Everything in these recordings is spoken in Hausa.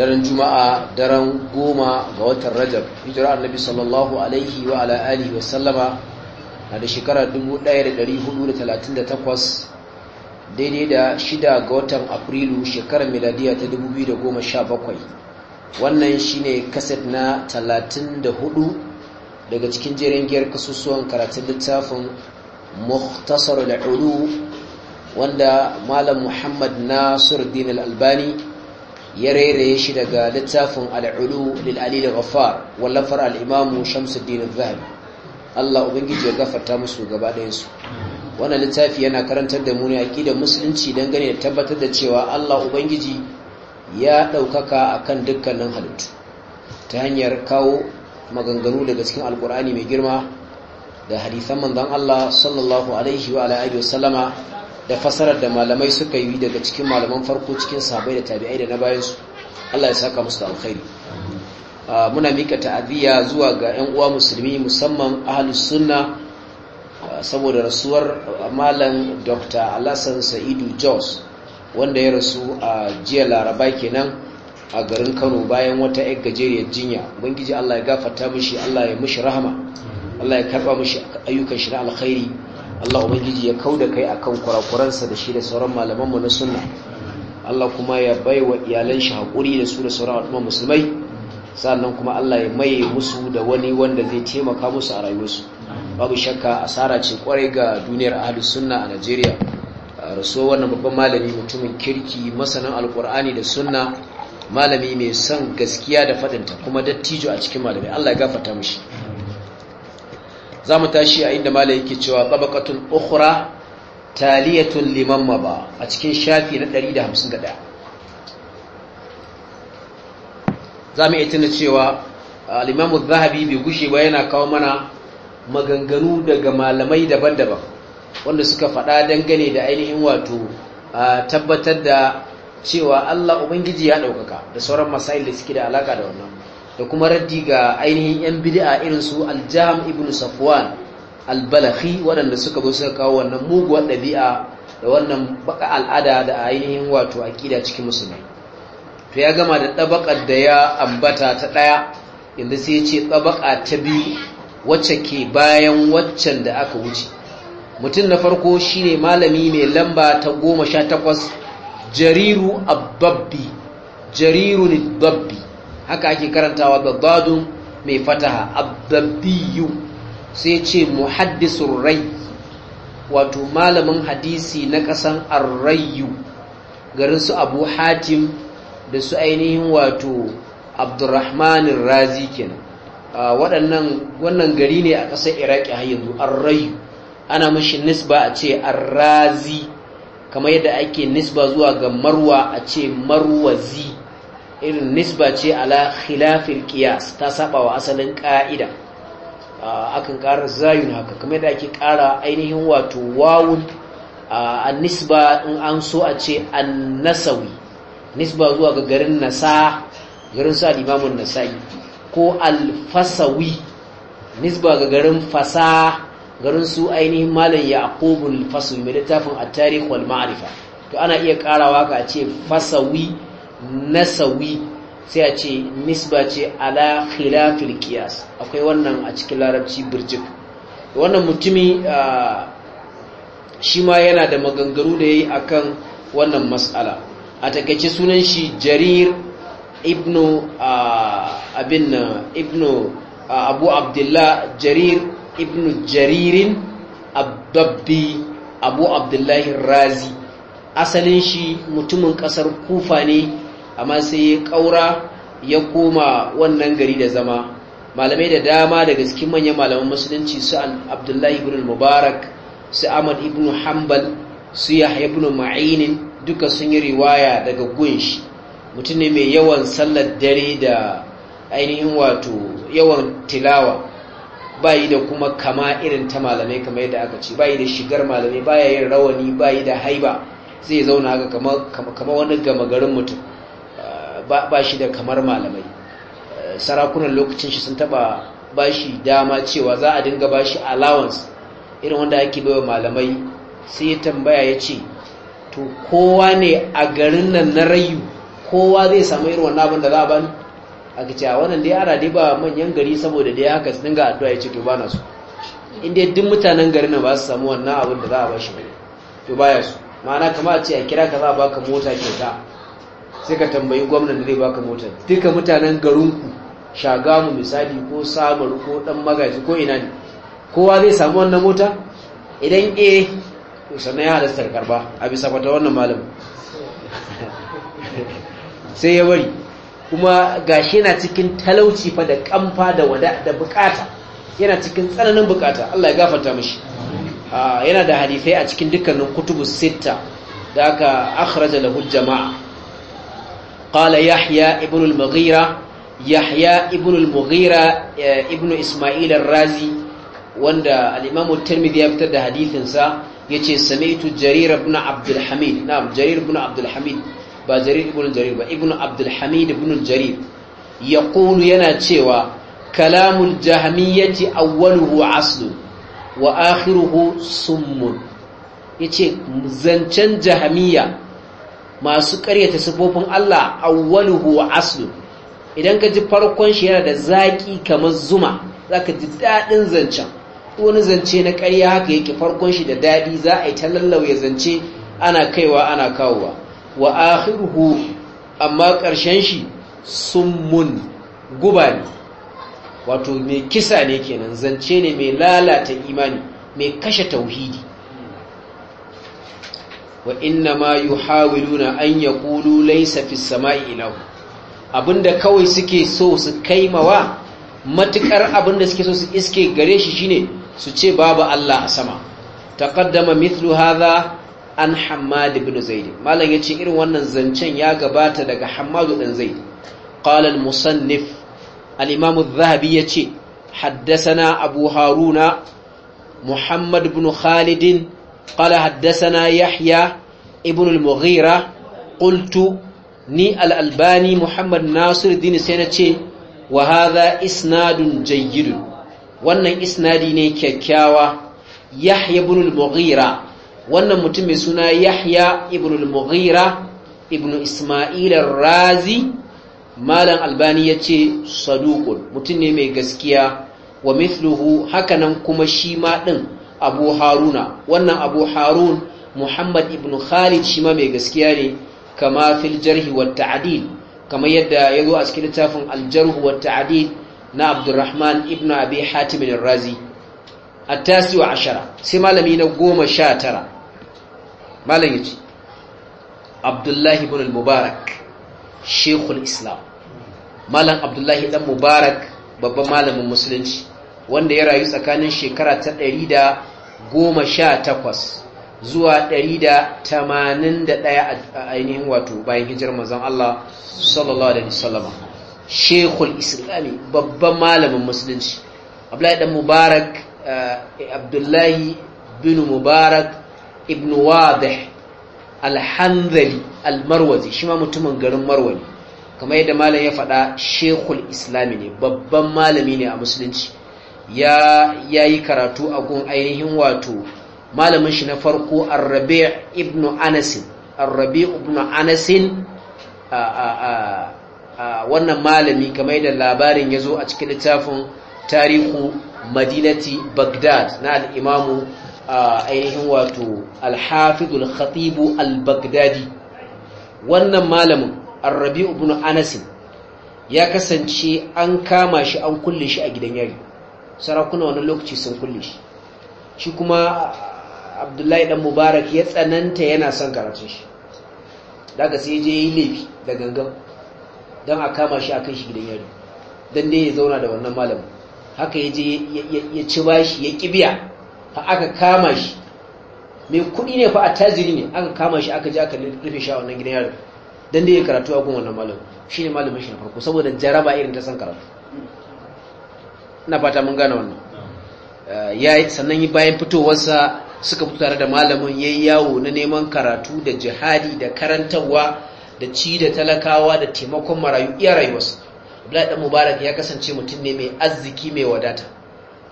daren juma'a daren goma ga watan rajab hijira annabi sallallahu alaihi wa ala alihi wa sallama na da shekara 1438 daidai da shida ga watan afrilu shekarar miladiya ta 2017 wannan shine kaset na 34 daga cikin jerin giyar kasusuwan karatun littafin muhtasar da wanda malam muhammad nasir din albani ya rairaye shi daga littafin al'ulu lil'alil ghaffar wallafar al'imamu shamsuddin zahabi Allah ubangiji ya gafarta musu gaba ɗayansu wannan littafi yana karantar da mu ne musulunci musulunci dangane da tabbatar da cewa Allah ubangiji ya ɗaukaka akan dukkanin halittu ta hanyar kawo maganganu daga cikin alkur'ani mai girma da hadisan manzon Allah sallallahu alaihi wa da fasarar da malamai suka yi daga cikin malaman farko cikin sabai da tabi'ai da na bayansu Allah ya saka musu da alkhairi ah, muna mika ta'aziyya zuwa ga 'yan uwa musulmi musamman ahlus sunna ah, saboda rasuwar malam Dr. Alasan Sa'idu Jos wanda ya rasu a jiya Laraba kenan a garin Kano bayan wata 'yar gajeriyar jinya Bangiji Allah ya gafarta mishi Allah ya mishi rahama Allah ya karba mishi ayyukan shi na alkhairi Allah ubangiji ya kauda kai a kan kurakuransa da shi da sauran malamanmu na sunna Allah kuma ya baiwa iyalan shi hakuri da su da sauran al'umma musulmai sannan kuma Allah ya maye musu da wani wanda zai taimaka musu a rayuwarsu babu shakka asara ce kwarai ga duniyar ahlus sunna a Najeriya rasuwar wannan babban malami mutumin kirki masanin alkur'ani da sunna malami mai son gaskiya da fadinta kuma dattijo a cikin malami Allah ya gafarta mishi za mu tashi a inda mala yake cewa tsabakatun ukura taliyatun liman ba a cikin shafi na 151 za mu iya tuna cewa al zahabi bai gushe ba yana kawo mana maganganu daga malamai daban-daban wanda suka faɗa dangane da ainihin wato tabbatar da cewa Allah ubangiji ya ɗaukaka da sauran masail da suke da alaka da wannan da kuma raddi ga ainihin yan bid'a irin su aljam ibn safwan albalahi waɗanda suka zo suka kawo wannan muguwar ɗabi'a da wannan baka al'ada da ainihin wato aƙida cikin musulmai to ya gama da ɗabaƙar da ya ambata ta ɗaya inda sai ya ce ɗabaƙa ta biyu wacce ke bayan waccan da aka wuce mutum na farko shine malami mai lamba ta goma sha takwas jariru Ababbi, jariru Babbi. haka ake karantawa babbadun mai fataha abdabbiyu sai ce muhaddisun rai wato malamin hadisi na ƙasan arrayu garin su abu hatim da su ainihin wato abdurrahmanin razi kenan waɗannan wannan gari ne a ƙasar iraki har yanzu arrayu ana mashi nisba a ce arrazi kamar yadda ake nisba zuwa ga marwa a ce marwazi irin nisba ce ala khilafin kiyas ta saba wa asalin ka'ida akan ƙara zayun haka kuma da ake ƙara ainihin wato wawun a nisba in an so a ce al-Nasawi. nisba zuwa ga garin nasa garin sa limamun nasa'i ko alfasawi nisba ga garin fasa garin su ainihin malam akobin fasawi mai littafin a tarihi wal ma'arifa to ana iya ƙarawa ka ce fasawi nasawi sai a ce nisba ce ala khilafil qiyas akwai wannan a cikin larabci birjik wannan mutumi shi ma yana da maganganu da yayi akan wannan mas'ala a takeice sunan shi jarir ibnu abin ibnu abu abdullah jarir ibnu jaririn abdabbi abu abdullahi razi asalin shi mutumin kasar kufa ne amma sai ya ƙaura ya koma wannan gari da zama malamai da dama daga cikin manyan malaman musulunci su an abdullahi ibn mubarak su ahmad ibn hanbal su yahya ibn ma'inin duka sun yi riwaya daga gunshi mutum ne mai yawan sallar dare da ainihin wato yawan tilawa bayi da kuma kama irin ta malamai kamar yadda aka ce bayi da shigar malamai baya yin rawani bayi da haiba zai zauna haka kama wani gama garin mutum ba shi da kamar malamai sarakunan lokacin shi sun taba ba shi dama cewa za a dinga ba shi allowance irin wanda ake baiwa malamai sai ya tambaya ya ce to kowa ne a garin nan na rayu kowa zai samu irin wannan abin da za a bani a ce a wannan dai ana dai ba manyan gari saboda dai haka su dinga addu'a ya ce to bana su in dai duk mutanen garin nan ba su samu wannan abin da za a ba shi to baya su ma'ana kama a ce a kira ka za a baka mota kyauta sai ka tambayi gwamnan da zai baka mota duka mutanen garinku shagamu misali ko samar ko dan magaji ko ina ne kowa zai samu wannan mota idan eh sannan ya halasta karba a bisa fata wannan malamin sai ya bari kuma gashi yana cikin talauci fa da kamfa da wada da bukata yana cikin tsananin bukata Allah ya gafarta mishi ah, yana da hadisai a cikin dukkanin kutubu sitta da aka akhraja lahu jama'a قال يحيى ابن المغيرة يحيى ابن المغيرة ابن إسماعيل الرازي وند الإمام الترمذي يفتد حديثا سا يتي سمعت جرير بن عبد الحميد نعم جرير بن عبد الحميد با جرير بن جرير با ابن عبد الحميد بن الجرير يقول ينا تشيوا كلام الجهمية أوله عصل وآخره سم يتي زنشن جهمية masu karyata sifofin Allah awwaluhu wa aslu idan ka ji farkon shi yana da zaƙi kamar zuma zaka ji daɗin zancen wani zance na karya haka yake farkon shi da daɗi za a yi ta lallauya zance ana kaiwa ana kawowa wa akhiruhu amma ƙarshen shi summun guba ne wato mai kisa ne kenan zance ne mai lalata imani mai kashe tauhidi wa inna ma yi yuhawiluna an yaqulu laysa fis sama'i ilahu abinda kawai suke so su kaimawa matukar abinda suke so su iske gare shi shine su ce babu Allah a sama taqaddama mitlu haza an bin ibn Zaid malam ce irin wannan zancen ya gabata daga Hamadu ɗin zai ƙalal musannif Alimamu Zahabi ya ce. haddasa na abu haruna Muhammadu bin khalidin قال حدثنا يحيى ابن المغيرة قلت Muhammad Nasiru محمد sai الدين سينتي وهذا إسناد جيد wannan isnadi ne kyakkyawa Yahya ibn wannan mutumin suna Yahya ibn al-Mughira ibn Isma'il al-Razi malam Albani yace saduqun mutum ne mai gaskiya wa mithluhu hakanan kuma shi ma din abu haruna wannan abu harun muhammad ibn khalid shi ma mai gaskiya ne kama fil jarhi wa kama yadda ya zo a cikin littafin al wa na abdurrahman ibn abi hatim ar-razi at wa ashara sai malami na goma sha tara malam yace abdullahi ibn al-mubarak shaykhul islam malam abdullahi dan mubarak babban malamin musulunci wanda ya rayu tsakanin shekara ta ɗari da goma sha takwas zuwa ɗari da tamanin da ɗaya a ainihin wato bayan hijirar mazan Allah sallallahu alaihi wasallama shekul islami babban malamin musulunci abdullahi Ɗan mubarak eh, abdullahi bin mubarak ibn wadih alhanzali almarwazi shi ma mutumin garin marwani kamar yadda malam ya faɗa shekul islami ne babban malami ne a musulunci ya ya yi karatu a gun ainihin wato malamin shi na farko Ar-Rabi' ibn Anas Ar-Rabi' ibn Anas wannan malami kamar da labarin ya zo a cikin littafin tarihu madinati bagdad na al-Imam ainihin wato Al-Hafiz al-Khatib baghdadi wannan malamin Ar-Rabi' ibn Anas ya kasance an kama shi an kulle shi a gidan yari sarakuna wani lokaci sun kulle shi shi kuma abdullahi dan mubarak ya tsananta yana son karatun shi daga sai je yi laifi da gangan don a kama shi a kan shi gidan yari don dai ya zauna da wannan malamin haka ya je ya ci bashi ya kibiya fa aka kama shi mai kuɗi ne fa a tajiri ne aka kama shi aka ji aka rufe shi a wannan gidan yari don dai ya karatu a kun wannan malamin shi ne malamin shi na farko saboda jaraba irin ta san karatu na fata mun gane wannan eh, ya sannan bayan fitowarsa suka fito tare da malamin yayi yawo na neman karatu da jihadi da karantarwa da ci da talakawa da taimakon marayu iya rayuwarsa Abdullahi dan Mubarak ya kasance mutum ne mai arziki mai wadata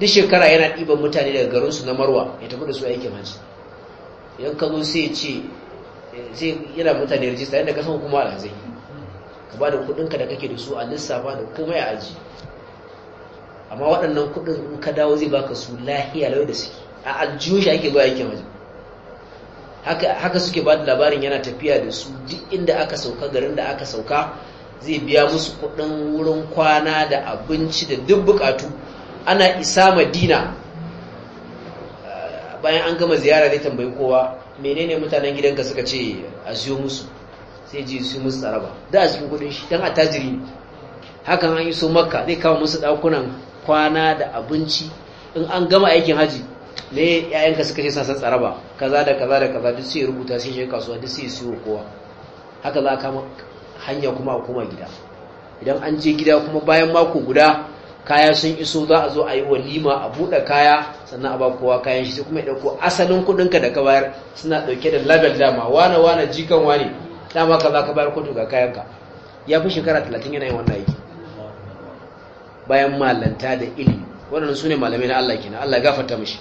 duk shekara yana ɗiban mutane daga garinsu na Marwa ya tafi da su aikin haji idan ka zo sai ya ce eh, sai yana mutane rijista yadda ka san kuma alhazai ka ba da kuɗinka da kake da su a lissafa da komai a aji amma waɗannan kuɗin in ka dawo zai baka su lahiya lau da suke a aljiyoshi ake ba yake haka suke ba da labarin yana tafiya da su duk inda aka sauka garin da aka sauka zai biya musu kuɗin wurin kwana da abinci da duk bukatu ana isa madina eh, bayan an gama ziyara zai tambayi kowa menene mutanen gidanka suka ce a siyo musu sai ji su musu tsaraba da a cikin kudin shi don a tajiri hakan an yi so makka zai kama musu ɗakunan. kwana da abinci in an gama aikin haji ne yayanka suka ce san tsaraba kaza da kaza da kaza duk sai rubuta sai shi kasuwa duk sai siyo kowa haka za ka hanya kuma a koma gida idan an je gida kuma bayan mako guda kaya sun iso za a zo a yi walima a buɗe kaya sannan a ba kowa kayan shi sai kuma ya ɗauko asalin kuɗinka da ka bayar suna ɗauke da label dama wane wane jikan wane dama ka za ka bayar kudu ga kayanka ya fi shekara talatin yana yin wannan aiki bayan malanta da ilimi waɗannan su ne malamai na Allah kina Allah gafarta mishi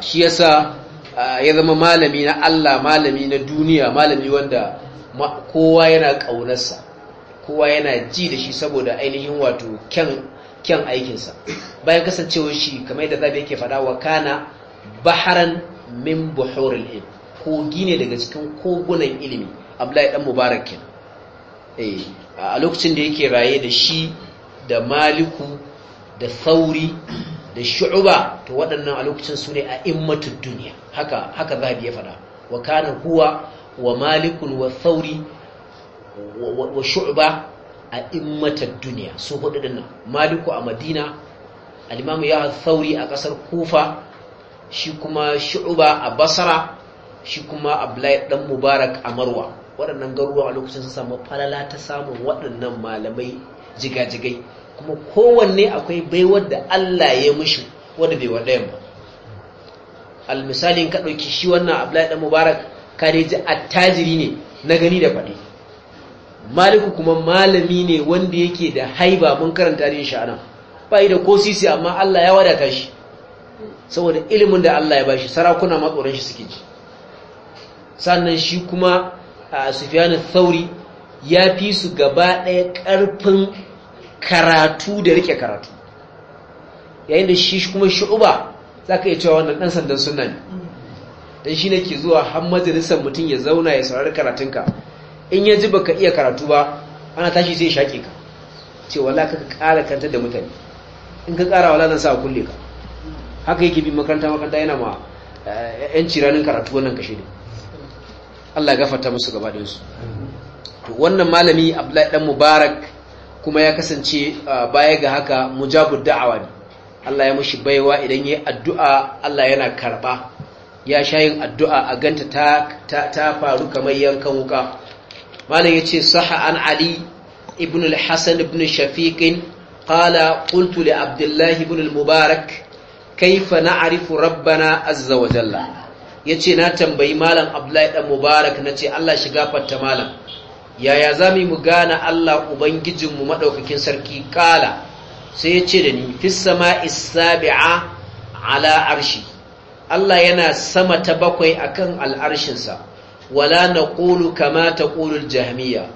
shi yasa ya zama malami na Allah malami na duniya malami wanda kowa yana ƙaunarsa kowa yana ji da shi saboda ainihin wato kyan aikinsa bayan kasancewa shi kamar yadda zabi yake faɗa wa kana baharan min buhurul ilm kogi ne daga cikin kogunan ilimi abdullahi dan mubarak kenan Eh, a lokacin da yake raye da shi da maliku da sauri da shu'uba to waɗannan a lokacin su ne a immatun duniya haka haka zabi ya faɗa wa kana huwa wa malikun wa sauri wa shu'uba a immatun duniya su hudu dinnan maliku a madina alimamu ya ya sauri a ƙasar kufa shi kuma shu'uba a basara shi kuma abdullahi dan mubarak a marwa waɗannan garuruwa a lokacin sun samu falala ta samun waɗannan malamai jigajigai kuma kowanne akwai baiwar da Allah ya mushi wadda bai waɗayan ba almisalin ka shi wannan abdullahi ɗan mubarak kareji attajiri ne na gani da faɗi maliku kuma malami ne wanda yake da haiba mun karanta ne shi anan ba da ko sisi amma Allah ya wadata shi saboda ilimin da Allah ya ba shi sarakuna matsoron shi suke ji sannan shi kuma a Sufyan Thauri ya fi su gaba ɗaya ƙarfin karatu da rike karatu yayin da shi kuma shu'uba ka iya cewa wannan ɗan sandan suna ne dan shi ke zuwa har majalisar mutum ya zauna ya saurari karatunka in ya ji baka iya karatu ba ana tashi sai shaƙe ka ce Wala ka ƙara kanta da mutane in ka ƙara Wala zan sa kulle ka haka yake bi makaranta makaranta yana ma yanci eh, ranin karatu wannan kashe ne Allah gafarta musu gaba ɗinsu wannan malami abdullahi dan mubarak kuma ya kasance uh, baya ga haka mujabud da'awa ne Allah ya mushi baiwa idan yayi addu'a Allah yana karɓa ya shayin addu'a a ganta ta ta, faru kamar yankan wuka malam yace saha an ali ibn al-hasan ibn shafiq qala qultu li abdullahi ibn al-mubarak kayfa na'rifu rabbana azza wa jalla ya ce na tambayi malam abdullahi ɗan mubarak na ce allah shiga gafarta malam yaya za mu gane allah ubangijinmu maɗaukakin sarki ƙala sai ya ce da ni fissama isabi'a ala arshi allah yana sama ta bakwai akan al'arshinsa wala na ƙulu kama ta ƙulul jami'a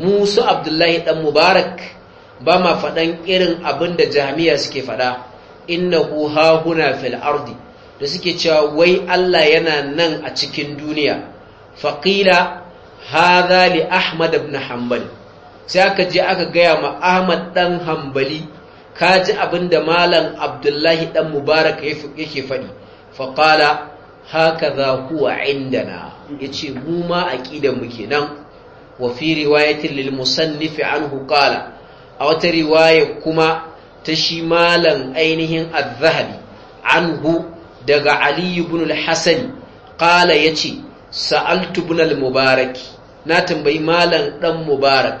musu abdullahi ɗan mubarak ba ma faɗan irin abin da jami'a suke faɗa innahu hahuna fil ardi da suke cewa wai Allah yana nan a cikin duniya faqila hadha li ahmad ibn hanbal sai aka je aka gaya ma ahmad dan hanbali kaji abinda malam abdullahi dan mubarak yake faɗi faqala hakaza kuwa indana yace mu ma aqidan muke nan. wa fi riwayatin lil musannif anhu qala a wata riwaya kuma ta shi malam ainihin az-zahabi anhu daga Ali ibn al-Hasan qala yace sa'altu ibn al-Mubarak na tambayi malam dan Mubarak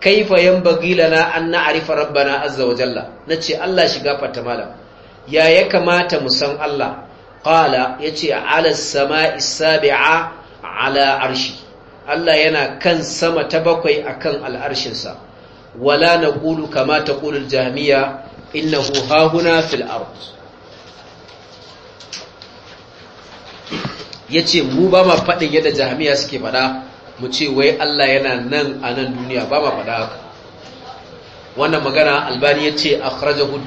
kaifa yanbaghi lana an na'rifa rabbana azza wa jalla nace Allah shiga fata malam ya ya kamata mu san Allah qala yace ala samai sabi'a ala arshi Allah yana kan sama ta bakwai akan al'arshinsa wala naqulu kama taqulu al-jahmiya innahu hahuna fil ard ya ce mu ba ma faɗin yadda jami'a suke faɗa mu ce wai Allah yana nan a nan duniya ba ma faɗa haka wannan magana albani ya ce a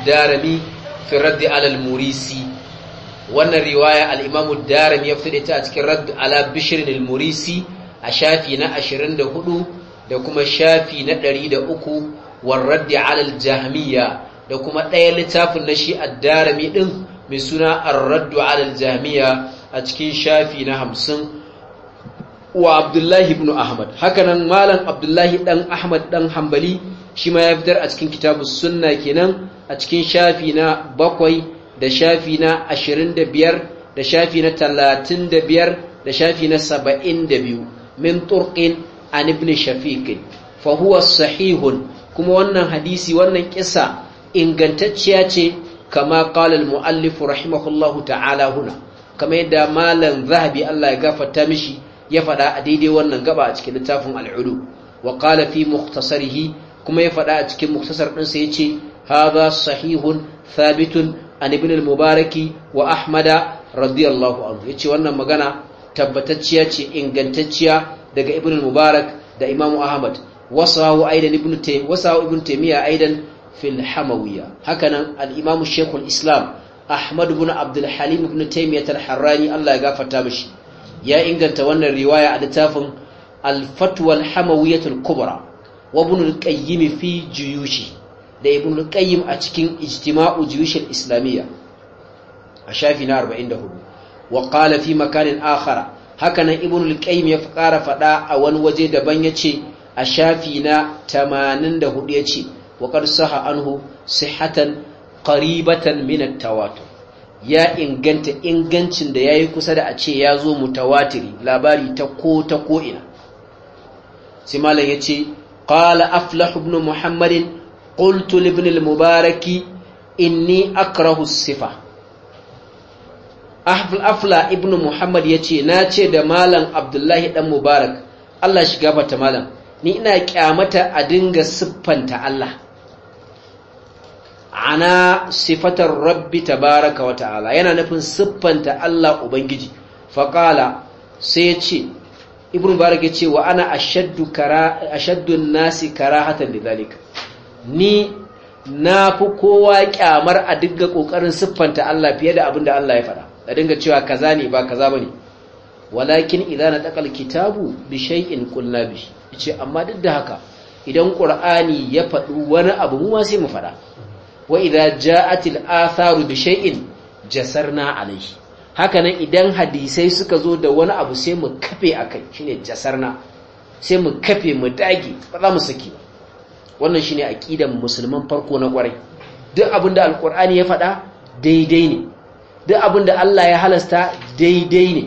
darami fi raddi alal murisi wannan riwaya al'imamu darami ya fito ta a cikin raddi ala bishirin al-murisi a shafi na 24 da kuma shafi na 103 war raddi alal jahmiya da kuma ɗaya littafin na shi a darami ɗin mai suna ar-raddu alal jahmiya a cikin shafi na hamsin wa abdullahi ibn ahmad hakanan malam abdullahi dan ahmad dan hambali shi ma ya fitar a cikin kitabus sunna kenan a cikin shafi na bakwai da shafi na ashirin da biyar da shafi na talatin da biyar da shafi na saba'in da biyu min turkin an ibn shafiqin fahuwa sahihun kuma wannan hadisi wannan kisa ingantacciya ce kama qala mu'allifu muallif rahimahullahu ta'ala huna kamar yadda malam zahabi Allah ya gafarta mishi ya faɗa a daidai wannan gaba a cikin littafin al'udu wa qala fi mukhtasarihi kuma ya faɗa a cikin muktasar ɗinsa sa yace haza sahihun thabitun an ibn al-mubaraki wa ahmada radiyallahu anhu yace wannan magana tabbatacciya ce ingantacciya daga ibn al-mubarak da imam ahmad wasahu aidan ibn tay wasahu ibn taymiya aidan fil hamawiyya hakanan al-imam shaykhul islam ahmad bin abdul halim ibn taymiyyah al-harrani Allah ya gafarta mishi ya inganta wannan riwaya a littafin al-fatwa al-hamawiyyah al-kubra wa ibn al-qayyim fi juyushi da ibn al-qayyim a cikin ijtima'u juyush al-islamiyya a shafi na 44 wa qala fi makanin akhara hakanan ibn al-qayyim ya fara fada a wani waje daban yace a shafi na 84 yace wa qad saha anhu sihhatan qaribatan min at-tawatur ya inganta ingancin da yayi kusa da a ce ya zo mutawatiri labari ta ko ta ko ina sai malam yace qala aflah ibn muhammadin qultu li ibn al mubarak inni akrahu as-sifa afla ibn muhammad yace na ce da malam abdullahi dan mubarak Allah shiga bata malam ni ina kyamata a dinga siffanta Allah ana sifatar rabbi tabaraka wa ta'ala yana nufin siffanta Allah ubangiji Faƙala sai ya ce ibn barak ya ce wa ana ashaddu kara ashaddu nasi karahatan ni na fi kowa kyamar a dinga kokarin siffanta Allah fiye da abin da Allah ya faɗa da dinga cewa kaza ne ba kaza bane walakin idan na takal kitabu bi shay'in qulna bi ce amma duk da haka idan qur'ani ya faɗi wani abu mu ma sai mu faɗa wa idza ja'atil atharu bi shay'in jasarna alayhi nan idan hadisai suka zo da wani abu sai mu kafe akai shine jasarna sai mu kafe mu dage ba za mu saki ba wannan shine aqidan musulman farko na kwarai duk abinda alqur'ani ya faɗa daidai ne duk abinda Allah ya halasta daidai ne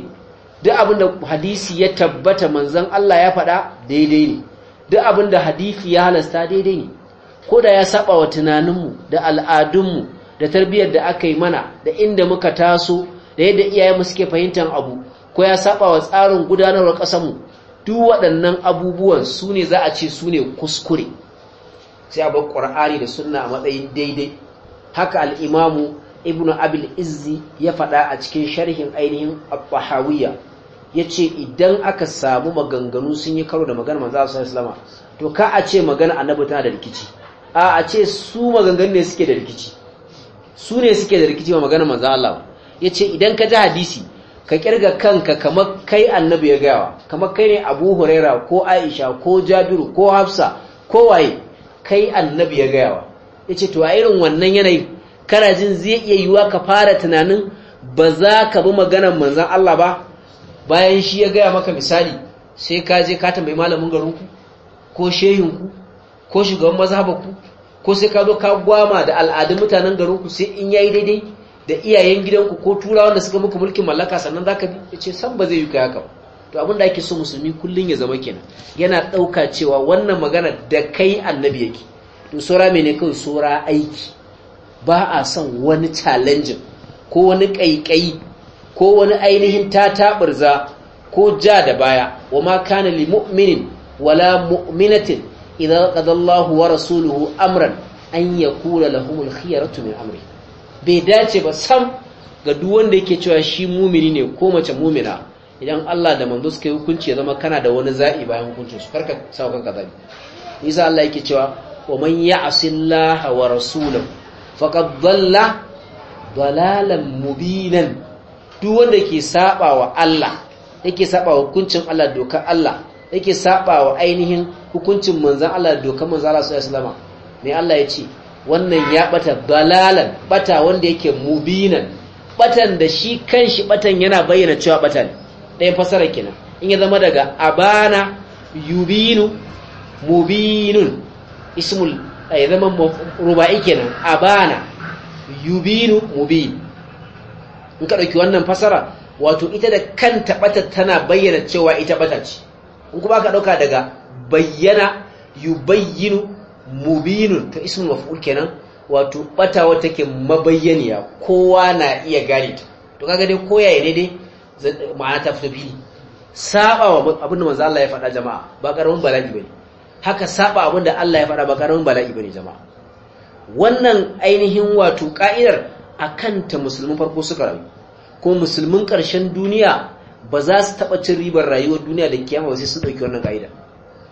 duk abinda hadisi ya tabbata manzon Allah ya faɗa daidai ne duk abinda hadisi ya halasta daidai ne ko da ya saba wa tunaninmu da al'adunmu da tarbiyyar da aka yi mana da inda muka taso da yadda mu suke fahimtar abu ko ya saba wa tsarin gudanarwar ƙasarmu duk waɗannan abubuwan su ne za a ce su ne kuskure sai a da sunna a matsayin daidai haka al'imamu ibnu abil izzi ya faɗa a cikin sharhin ainihin abbahawiya ya ce idan aka samu maganganu sun yi karo da magana manzo sallallahu to ka a ce magana annabi tana da rikici a a ce su maganganu ne suke da rikici su ne suke da rikici ba magana manzan Allah ya ce idan ka ji hadisi ka kirga kanka kamar kai annabi ya gawa kamar kai ne abu huraira ko aisha ko jabiru ko hafsa ko waye kai annabi ya gawa ya ce to a irin wannan yanayi kana jin zai iya yiwuwa ka fara tunanin ba za ka bi maganar manzan Allah ba bayan shi ya gaya maka misali sai ka je ka tambayi malamin garinku ko shehinku ko shugaban maza ku? ko sai ka zo ka gwama da al'adun mutanen garinku sai in yayi daidai da iyayen gidanku ko turawan da suka muku mulkin mallaka sannan zaka bi ce san ba zai yi kai haka ba to abin da ake so musulmi kullun ya zama kenan yana dauka cewa wannan magana da kai annabi yake to sura mene kai sura aiki ba a son wani challenge ko wani kaikai ko wani ainihin tataburza ko ja da baya wa ma kana lil mu'minin wala mu'minatin idan qadallahu wa rasuluhu amran an kula lahumul khiyaratu min amri bai dace ba sam ga duwanda wanda yake cewa shi mumini ne ko mace mumina idan Allah da manzo suka yi hukunci ya zama kana da wani za'i bayan hukuncin su karka sa kanka zabi isa Allah yake cewa wa man ya'si Allah wa rasulahu faqad dhalla dalalan mubinan duk wanda ke saba wa Allah yake saba hukuncin Allah dokar Allah yake saba wa ainihin hukuncin manzan Allah da dokar manzan Allah sallallahu alaihi wasallam ne Allah ya ce wannan ya bata balalan bata wanda yake mubinan batan da shi kanshi batan yana bayyana cewa batan dai fasara kenan in ya zama daga abana yubinu mubinun ismul eh, ya zama ruba'i kenan abana yubinu mubin in ka dauki wannan fasara wato ita da kanta bata tana bayyana cewa ita bata ce in kuma ka ɗauka daga bayyana yubayyinu Mubinu ta ismul maf'ul kenan wato ɓatawa take mabayyaniya kowa na iya gane to kaga dai koya ne dai ma'ana ta fito biyu. saba wa abinda Allah ya faɗa jama'a ba karamin bala'i bane haka saba abinda Allah ya faɗa ba karamin bala'i bane jama'a wannan ainihin wato ka'idar a kanta musulmin farko suka rayu ko musulmin ƙarshen duniya ba za su taɓa cin ribar rayuwar duniya da kiyama ba sai sun dauki wannan ka'ida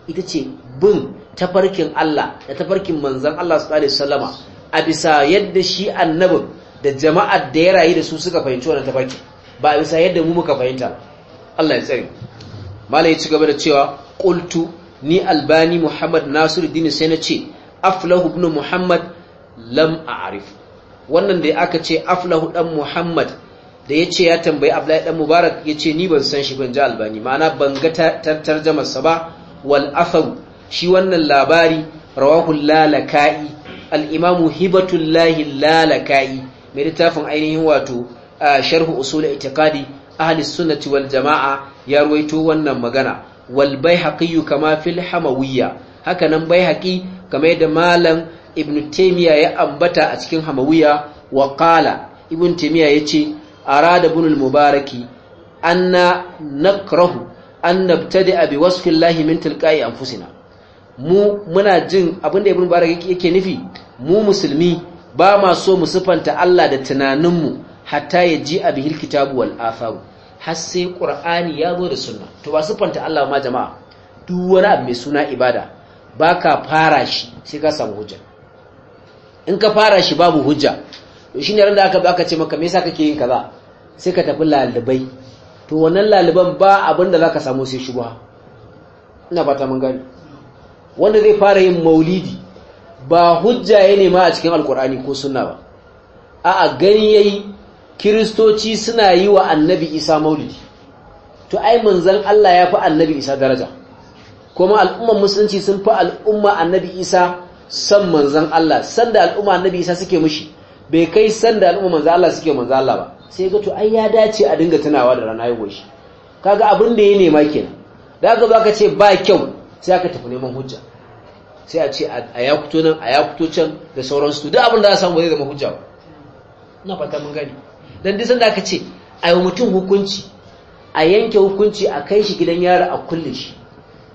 ita ce bin tafarkin Allah da tafarkin manzan Allah sallallahu alaihi wasallama a bisa yadda shi annabin da jama'ar da ya rayu da su suka fahimci wannan tafarki. ba a bisa yadda mu muka fahimta Allah ya tsare malai ya ci gaba da cewa qultu ni albani muhammad nasiruddin sai na ce aflahu ibn muhammad lam a'rif wannan da aka ce aflahu dan muhammad da ya ce ya tambayi Abdullahi dan Mubarak ya ce ni ban san shi ban ji albani ma'ana ban ga jamarsa ba wal atharu shi wannan labari rawahu lalaka'i al-imamu hibatullahi lalaka'i mai littafin ainihin wato sharhu usul itiqadi ahli sunnati wal jama'a ya ruwaito wannan magana wal baihaqi kama fil hamawiyya haka nan baihaqi kamar yadda malam ibnu taymiya ya ambata a cikin hamawiyya wa qala ibnu taymiya yace أراد bunul mubaraki أن nakrahu أن نبتدئ بوصف الله min تلقاء أنفسنا mu muna jin abin da ibn mubarak yake nufi mu musulmi ba ma so mu sifanta Allah da tunaninmu hatta ya ji a bihil kitabu wal afaw har sai qur'ani ya zo da sunna to ba sifanta Allah ma jama'a duk wani abu mai suna ibada baka fara shi sai ka samu hujja in ka fara shi babu hujja to shine ran da aka ce maka me yasa kake yin kaza sai ka tafi lalibai to wannan laliban ba abin da za ka samu sai shubha ina fata mun gani wanda zai fara yin maulidi ba hujja ya nema a cikin alkur'ani ko suna ba a'a ganyayi. ganyayi kiristoci suna yi wa annabi isa maulidi to ai manzan Allah ya fi annabi isa daraja kuma al'umman musulunci sun fi al'umma annabi isa san manzan Allah sanda al'umma annabi isa suke mushi bai kai sanda al'umma manzan Allah suke manzan Allah ba sai ga to ai ya dace a dinga tunawa da rana haihuwar shi kaga abin da ya nema kenan da aka baka ce ba kyau sai aka tafi neman hujja sai a ce a ya fito nan a ya fito can da sauran su duk abin da za a samu ba zai zama hujja ba ina fata mun gani dan duk sanda aka ce a yi mutum hukunci a yanke hukunci a kai shi gidan yara a kulle shi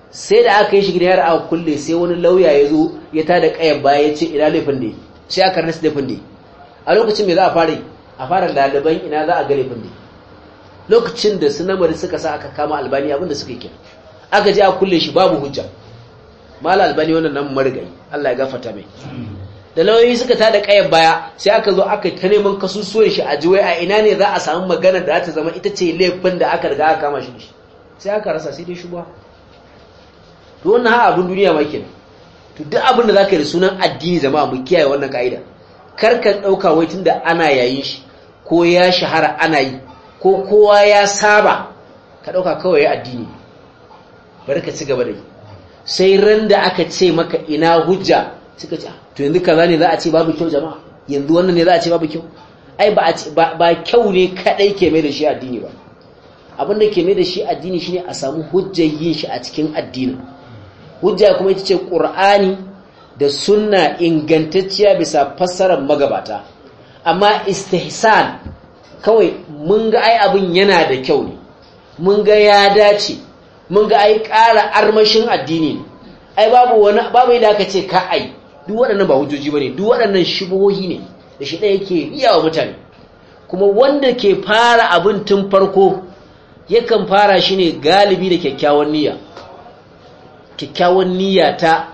sai da aka yi shi gidan yara a kulle sai wani lauya ya zo ya tada kayan baya ya ce ina laifin ne sai aka rasa laifin ne a lokacin me za a fara yi a fara laliban ina za a ga laifin ne lokacin da sinamari suka sa aka kama albani abinda suka kira aka ji a kulle shi babu hujja mala albani wannan nan marigayi Allah ya gafarta mai da lauyoyi suka tada kayan baya sai aka zo aka ta neman kasusuwan shi a jiwai a ina ne za a samu magana da ta zama ita ce laifin da aka riga aka kama shi sai aka rasa sai dai shubha to wannan ha abun duniya ma kenan to duk abin da zaka yi da sunan addini jama'a mu kiyaye wannan ka'ida karka ɗauka wai tunda ana yayin shi ko ya shahara ana yi ko kowa ya saba ka ɗauka kawai addini bari ka ci gaba da yi sai ran da aka ce maka ina hujja suka ce ah, to yanzu kaza ne za a ce babu kyau jama'a yanzu wannan ne za a ce babu kyau ai ba ba kyau ne kadai ke mai da shi addini ba abin da ke mai da shi addini shine a samu hujjar yin shi a cikin addinin hujja kuma ita ce qur'ani da sunna ingantacciya bisa fassarar magabata amma istihsan kawai mun ga ai abin yana da kyau ne mun ga ya dace mun ga ai ƙara armashin addini ne ai babu wani babu yadda aka ce ka ai duk waɗannan ba hujjoji bane duk waɗannan shibohi ne da shi ɗaya ke iya wa mutane kuma wanda ke fara abin tun farko yakan fara shi ne galibi da kyakkyawan niyya kyakkyawan niyya ta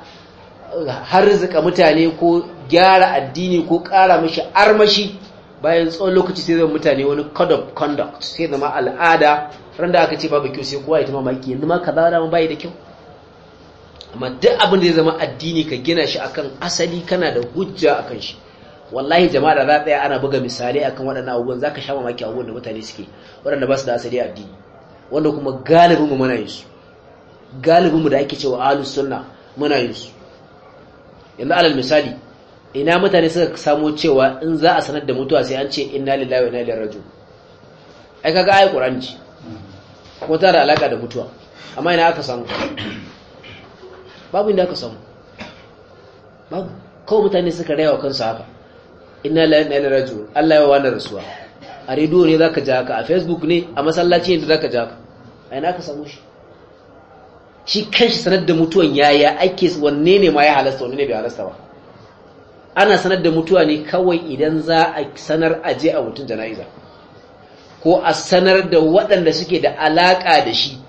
harzuka mutane ko gyara addini ko ƙara mashi armashi bayan tsawon lokaci sai zama mutane wani code of conduct sai zama al'ada ran da aka ce babu kyau sai kowa ya ta mamaki yanzu ma kaza da bai da kyau amma duk abin da ya zama addini ka gina shi akan asali kana da hujja akan shi wallahi jama'a da za tsaya ana buga misalai akan waɗannan abubuwan za ka sha mamaki abubuwan da mutane suke waɗanda ba su da asali addini wanda kuma galibinmu muna yin su galibinmu da ake cewa ahlus sunna muna yin su yanzu alal misali ina mutane suka samo cewa in za a sanar da mutuwa sai an ce inna lillahi wa inna ilaihi raji'un ai kaga ayi qur'anci ko ta da alaka da mutuwa amma ina aka samu babu inda aka samu babu kawai mutane suka rayuwa kansu haka inna lillahi wa inna ilaihi raji'un Allah ya wani rasuwa a rediyo ne zaka ja ka? a facebook ne a masallaci ne zaka ja ka. ai na ka samu shi shi kanshi sanar da mutuwan yaya ake wanne ne ma ya halasta wanne ne bai halasta ba ana sanar da mutuwa ne kawai idan za a sanar aje a mutum jana'iza ko a sanar da waɗanda suke da alaƙa da shi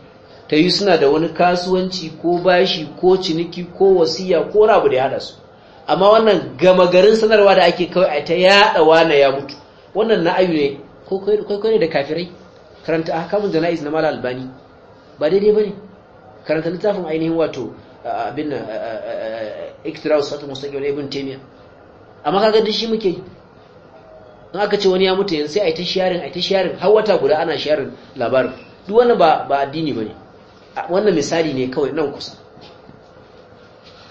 ta yi suna da wani kasuwanci ko bashi ko ciniki ko wasiya ko rabu da ya su amma wannan gama garin sanarwa da ake kawai a ta yaɗa wane ya mutu wannan na ayu ne ko kai ne da kafirai karanta a kamun jana'iz na mala albani ba daidai ba ne karanta littafin ainihin wato abin nan iktirawu sata mustaqim na ibn taymiya amma kaga dashi shi muke in aka ce wani ya mutu yanzu sai ai ta sharing ai ta sharing har wata guda ana sharing labarin duk wannan ba ba addini bane wannan misali ne kawai nan kusa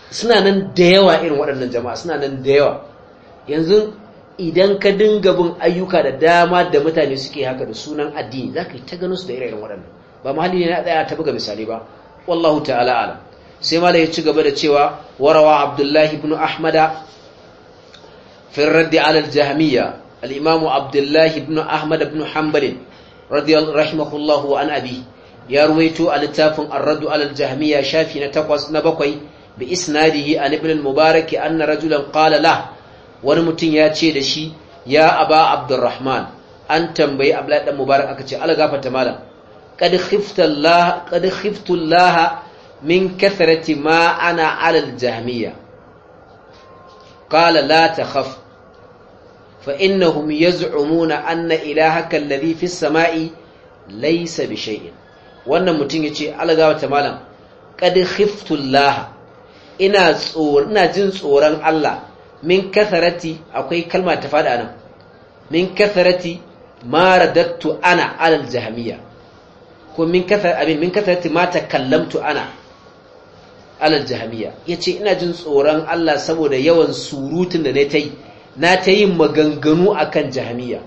suna nan da yawa irin waɗannan jama'a suna nan da yawa yanzu idan ka dinga bin ayyuka da dama da mutane suke haka da sunan addini za ka yi ta gano su da irin waɗannan ba mahalli ne na tsaya ta buga misali ba wallahu ta'ala alam sai malai ya ci gaba da cewa warawa abdullahi ibn ahmada fi raddi ala al-jahmiyya al-imam abdullahi ibn ahmad ibn hanbal radiyallahu rahimahullahu an abi ya ruwaito a littafin ar-radd ala al-jahmiyya shafi na 8 na 7 bi isnadihi an ibn al-mubarak anna rajulan qala la wani mutum ya ce da shi ya aba abdurrahman an tambayi abdullahi dan mubarak aka ce algafata malam qad khifta Allah qad khiftu Allah min kathrati ma ana ala al-jahmiyya qala la takhaf fa innahum yaz'umuna anna ilahaka alladhi fi as-sama'i laysa bi wannan mutum yace algawa malam qad khiftu Allah ina jin tsoron Allah min kathrati akwai kalma ta fada nan min kathrati ma radattu ana ala al ko min kasar abin min mata kallamtu ana alal jahamiya ya ce ina jin tsoron Allah saboda yawan surutun da na ta yi na ta yin maganganu akan kan jahamiya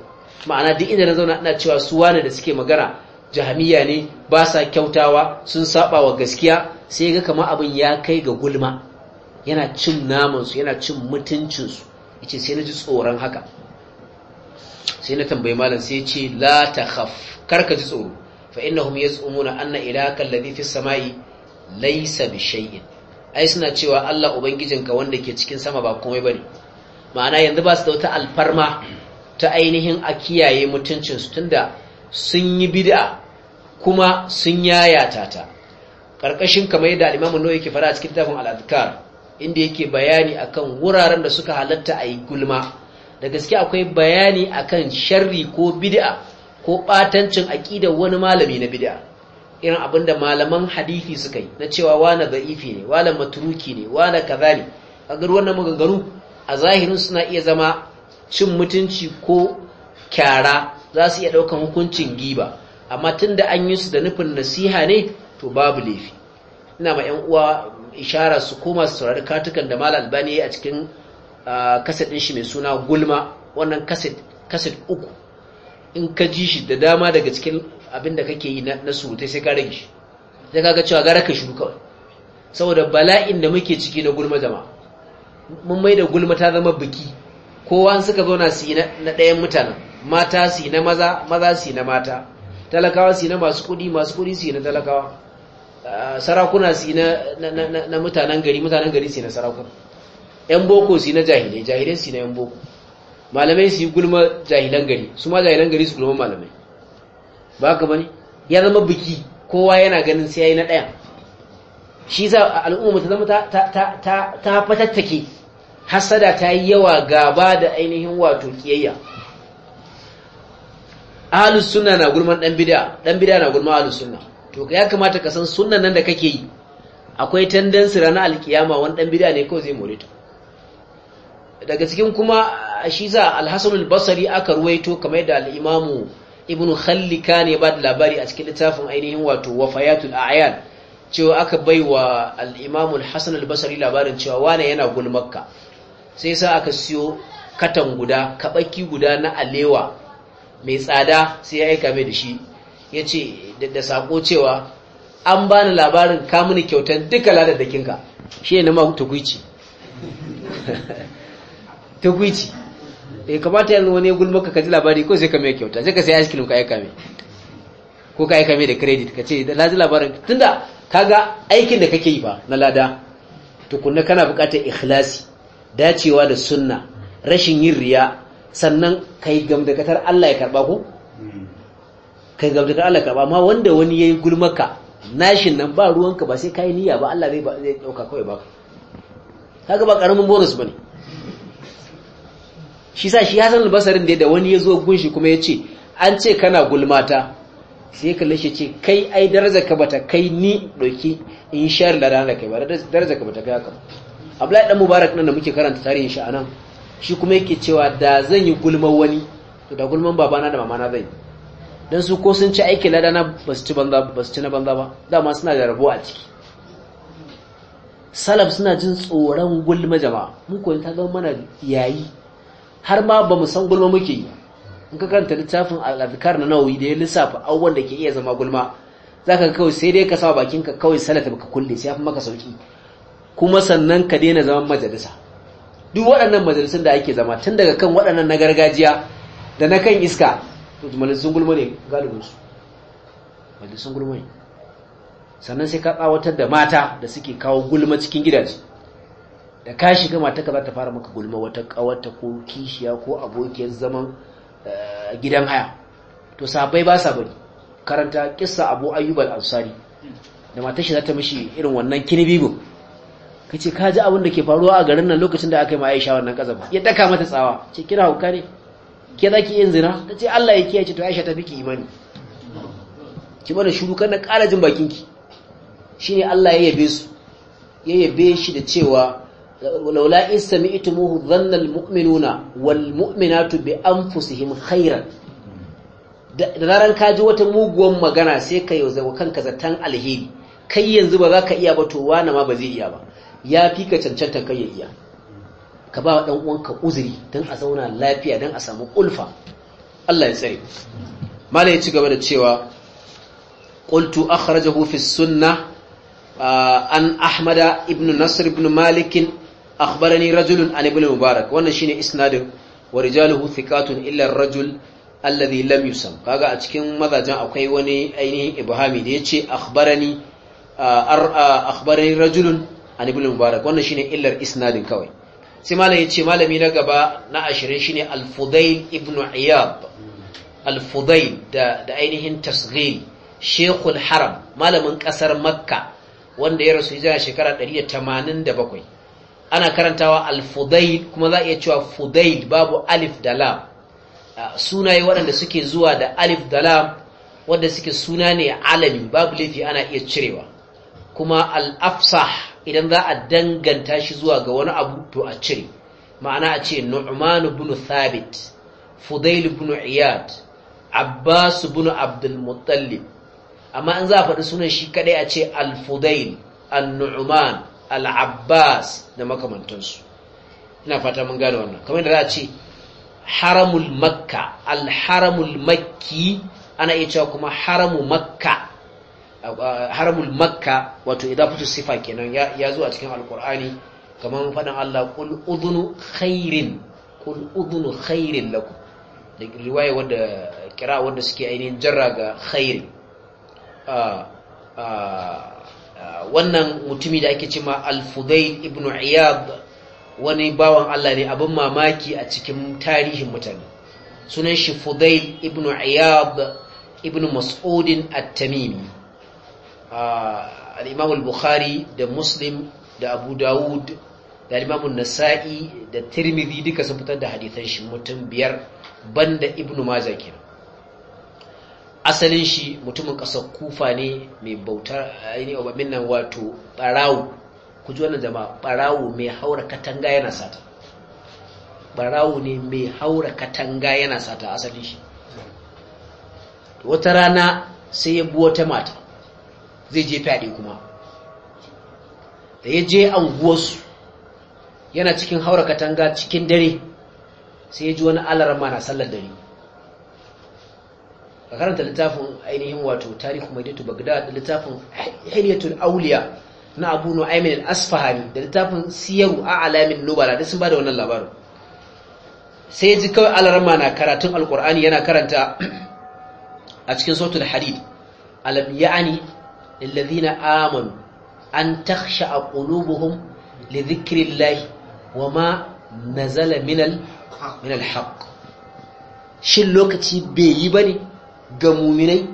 ma'ana duk inda na zauna ina cewa su wane da suke magana jahamiya ne ba sa kyautawa sun saba wa gaskiya sai ga kama abin ya kai ga gulma yana cin namansu yana cin mutuncinsu ya ce sai na ji tsoron haka sai na tambayi malam sai ce la ta khaf karka ji tsoro fa innahum yaz'umuna anna ilahaka alladhi fis samai laysa bi shay'in ai suna cewa Allah ubangijinka wanda ke cikin sama ba komai bane ma'ana yanzu ba su da wata alfarma ta ainihin a kiyaye mutuncin su tunda sun yi bid'a kuma sun yayata ta karkashin kamar yadda al-Imam an yake fara cikin tafin al-Adhkar inda yake bayani akan wuraren da suka halatta ayi gulma da gaske akwai bayani akan sharri ko bid'a ko batancin aqidar wani malami na bid'a irin abinda malaman hadisi suka yi na cewa wani za'ifi ne wani maturuki ne wani kaza ne kagar wannan magagaru, a zahirin suna iya zama cin mutunci ko kyara za su iya ɗaukan hukuncin giba amma tunda an yi su da nufin nasiha ne to babu laifi ina ma yan uwa ishara su koma su saurari katukan da mal albani a cikin ah, kaset din shi mai suna gulma wannan kase kaset uku in ka ji shi da dama daga cikin abin da kake yi na surutai sai ka rage shi sai kaga cewa gara ka shiru kawai saboda bala'in da muke ciki na gulma zama, mun mai da gulma ta zama biki kowa suka zauna su yi na ɗayan mutanen mata su yi na maza maza su yi na mata talakawa su yi na masu kuɗi masu kuɗi su yi na talakawa ah, sarakuna su yi na mutanen gari mutanen gari su yi na sarakuna yan boko su yi na jahilai jahilai su yi na yan boko malamai su yi gulma jahilan gari su ma jahilan gari su gulma malamai ba ka bane ya zama biki kowa yana ganin sai yayi na ɗaya. shi sa al'umma ta zama ta fatattake hasada ta yi yawa gaba da ainihin wato kiyayya ahlus sunna na gulman dan bid'a dan bid'a na gulman ahlus sunna to ya kamata ka san sunnan nan da kake yi akwai tendency ranar alkiyama wani dan bid'a ne kawai zai morita daga cikin kuma shi za a hasan aka ruwaito kamar yadda al'imamu imamu ibn khallika ne ba da labari a cikin littafin ainihin wato wafayatul a'yan cewa aka bai wa al'imamu alhassan albasari labarin cewa wane yana gulmakka sai sa aka siyo katan guda kaɓaki guda na alewa mai tsada sai ya aika mai da shi Ya ce da sako cewa an ba ni labarin ka duka ladar da kinka shi ne na ma tukwici tukwici eh kamata yanzu wani gulma ka ji labari ko sai ka mai kyauta sai ka sai aiki ka aika mai ko ka aika mai da credit ka ce na ji labarin tunda kaga aikin da kake yi ba na lada tukunna kana buƙatar ikhlasi dacewa da sunna rashin yin riya sannan kai gamdakatar Allah ya karba ku. Hmm. kai gamdakatar Allah ya karba amma wanda wani yayi gulmaka nashin nan ba ruwanka ba sai kai niyya ba Allah zai dauka kawai baka kaga ba karamin bonus bane shi sa shi Hassan al-Basarin da wani ya zo gunshi kuma ya ce an ce kana gulmata sai kalle shi ce kai ai daraja ka bata kai ni doki in shar da ranar kai ba daraja ka bata kai haka Abdullahi dan Mubarak nan da muke karanta tarihin shi anan shi kuma yake cewa da zan yi gulman wani to da gulman babana da mamana zan yi dan su ko sun ci aiki ladana ba su ci banza ba su ci na banza ba dama suna da rabo a ciki salaf suna jin tsoron gulma jama'a mun koyi ta zama mana yayi har ma ba mu san gulma muke yi in ka karanta littafin al-azkar na nawawi da ya lissafa abubuwan da ke iya zama gulma zaka kawai sai dai ka sa bakinka kawai salata baka kulle sai yafi maka sauki kuma sannan ka daina zaman majalisa duk waɗannan majalisun da ake zama tun daga kan waɗannan na gargajiya da na kan iska to majalisun gulma ne galibinsu majalisun gulma ne sannan sai ka tsawatar da mata da suke kawo gulma cikin gidaje da ka shiga matarka za ta fara maka gulma wata kawarta ko kishiya ko abokiyar zaman eh, gidan haya to sabai ba sa bari karanta kissa abu ayyubal ansari da matar shi za ta mishi irin wannan kinibigo ka ce ka ji abin da ke faruwa a garin nan lokacin da aka yi ma'aisha wannan kazafa ya daka mata tsawa ce kira hauka ne ke za ki yin zina ta ce allah ya kiyaye to aisha ta fi ki imani ki mana shuru kan na ƙara jin bakinki shine allah ya yabe su ya yabe shi da cewa laula in sami'tumuhu dhanna almu'minuna wal mu'minatu bi anfusihim khairan da zaran ka ji wata muguwar magana sai ka yau kanka zatan alheri kai yanzu ba za ka iya ba to wani ma ba zai iya ba yafi ka cancanta kai ya iya ka ba dan uwanka uzuri don a zauna lafiya don a samu ƙulfa Allah ya tsare malai ya ci gaba da cewa qultu akhrajahu fi sunnah ah, an ahmada ibn nasr ibn malik akhbarani rajulun an ibn mubarak wannan shine isnadin wa rijaluhu thiqatun illa ar-rajul alladhi lam yusam kaga a cikin mazajen akwai wani ainihin ibhami da yace akhbarani akhbarani rajulun an ibn mubarak wannan shine illar isnadin kawai sai malam yace malami na gaba na 20 shine al-fudail ibn iyad al da da ainihin tasghil sheikhul haram malamin kasar makka wanda ya rasu jira shekara 187 ana karantawa al fudayl kuma za a iya cewa fudail babu alif da lam ah, sunaye waɗanda suke zuwa da alif da lam wanda suke suna ne alami babu lafi ana iya cirewa kuma al-afsah idan za a danganta shi zuwa ga wani abu to a cire ma'ana a ce nu'man ibn thabit fudail ibn iyad abbas ibn abdul muttalib amma in za a faɗi sunan shi kadai a ce al fudayl an-nu'man al da makamantansu ina fata mun gane wannan kamar da za a ce haramul makka alharamul makki ana iya cewa kuma haramu makka uh, haramul makka wato idafatu sifa kenan ya zo a cikin alkur'ani kamar faɗin Allah kul udhunu khairin kul udhunu khairin lakum da riwaya wanda kira wanda suke ainihin jarra ga khairi uh, uh, wannan mutumi da ake cima al fudai ibn iyad wani bawan Allah ne abin mamaki a cikin tarihin mutane sunan shi fudail ibn iyad ibn Mas'udin at-tamimi al-imam al-bukhari da muslim da abu dawud da an nasa'i da tirmidhi duka sun fitar da hadisan shi mutum biyar banda ibnu majah kenan asalin shi mutumin ƙasar kufa ne mai bautar ainihin obabin nan wato ɓarawo ku ji wannan zama ɓarawo mai haura katanga yana sata ɓarawo ne mai haura katanga yana sata asalin shi wata rana sai ya buwa ta mata zai je fyaɗe kuma da ya je anguwarsu yana cikin haura katanga cikin dare sai ya ji wani alarma na sallar dare ka karanta littafin ainihin wato mai maidatu bagdad da littafin hilyatul auliya na abu nu'aymin al-asfahani da littafin siyaru a alamin nubala da sun da wannan labarin sai ya ji kawai alarma na karatun alkur'ani yana karanta a cikin sautul hadid alam ya'ani lillazina amanu an takhsha qulubuhum li dhikrillahi wama nazala minal minal haqq shin lokaci bai yi bane ga muminai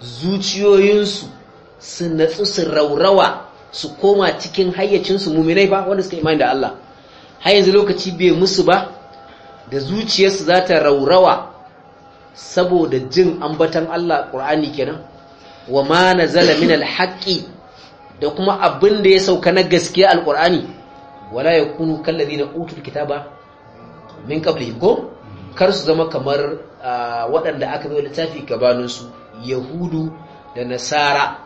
zuciyoyinsu su natsu su raurawa su koma cikin hayyacinsu muminai ba wanda suka imani da Allah har yanzu lokaci bai musu ba da zuciyarsu za ta raurawa saboda jin ambatan Allah ƙur'ani kenan wa ma nazala min alhaqi da kuma abin da ya sauka na gaskiya Alƙur'ani. wala yakunu kallazina utul kitaba min qablihim ko kar su zama kamar waɗanda aka bai littafi gabaninsu yahudu da nasara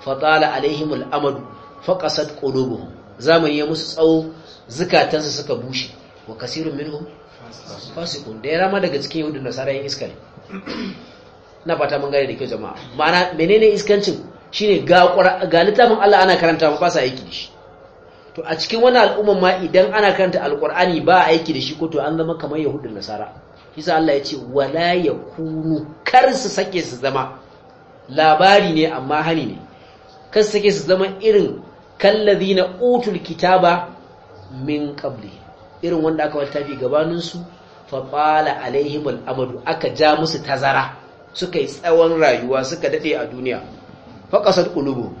fatala alaihim al'amadu faƙasat ƙulubuhu zamani ya musu tsawo zukatansu suka bushe wa kasirun minhum fasikun da ya rama daga cikin yahudu nasara yin iska ne na fata mun gane da kyau jama'a ma'ana menene iskancin shine ga ga littafin Allah ana karanta ba sa aiki da shi to a cikin wani al'umma ma idan ana karanta alqur'ani ba aiki da shi ko to an zama kamar yahudun nasara kisa Allah ya ce wala ya kunu kar su sake su zama labari ne amma hani ne kar su sake su zama irin kallazi na utul kitaba min qabli irin wanda aka wata fi gabanin su fa qala alaihim al-amadu aka ja musu tazara suka yi tsawon rayuwa suka dade a duniya fa qasad qulubu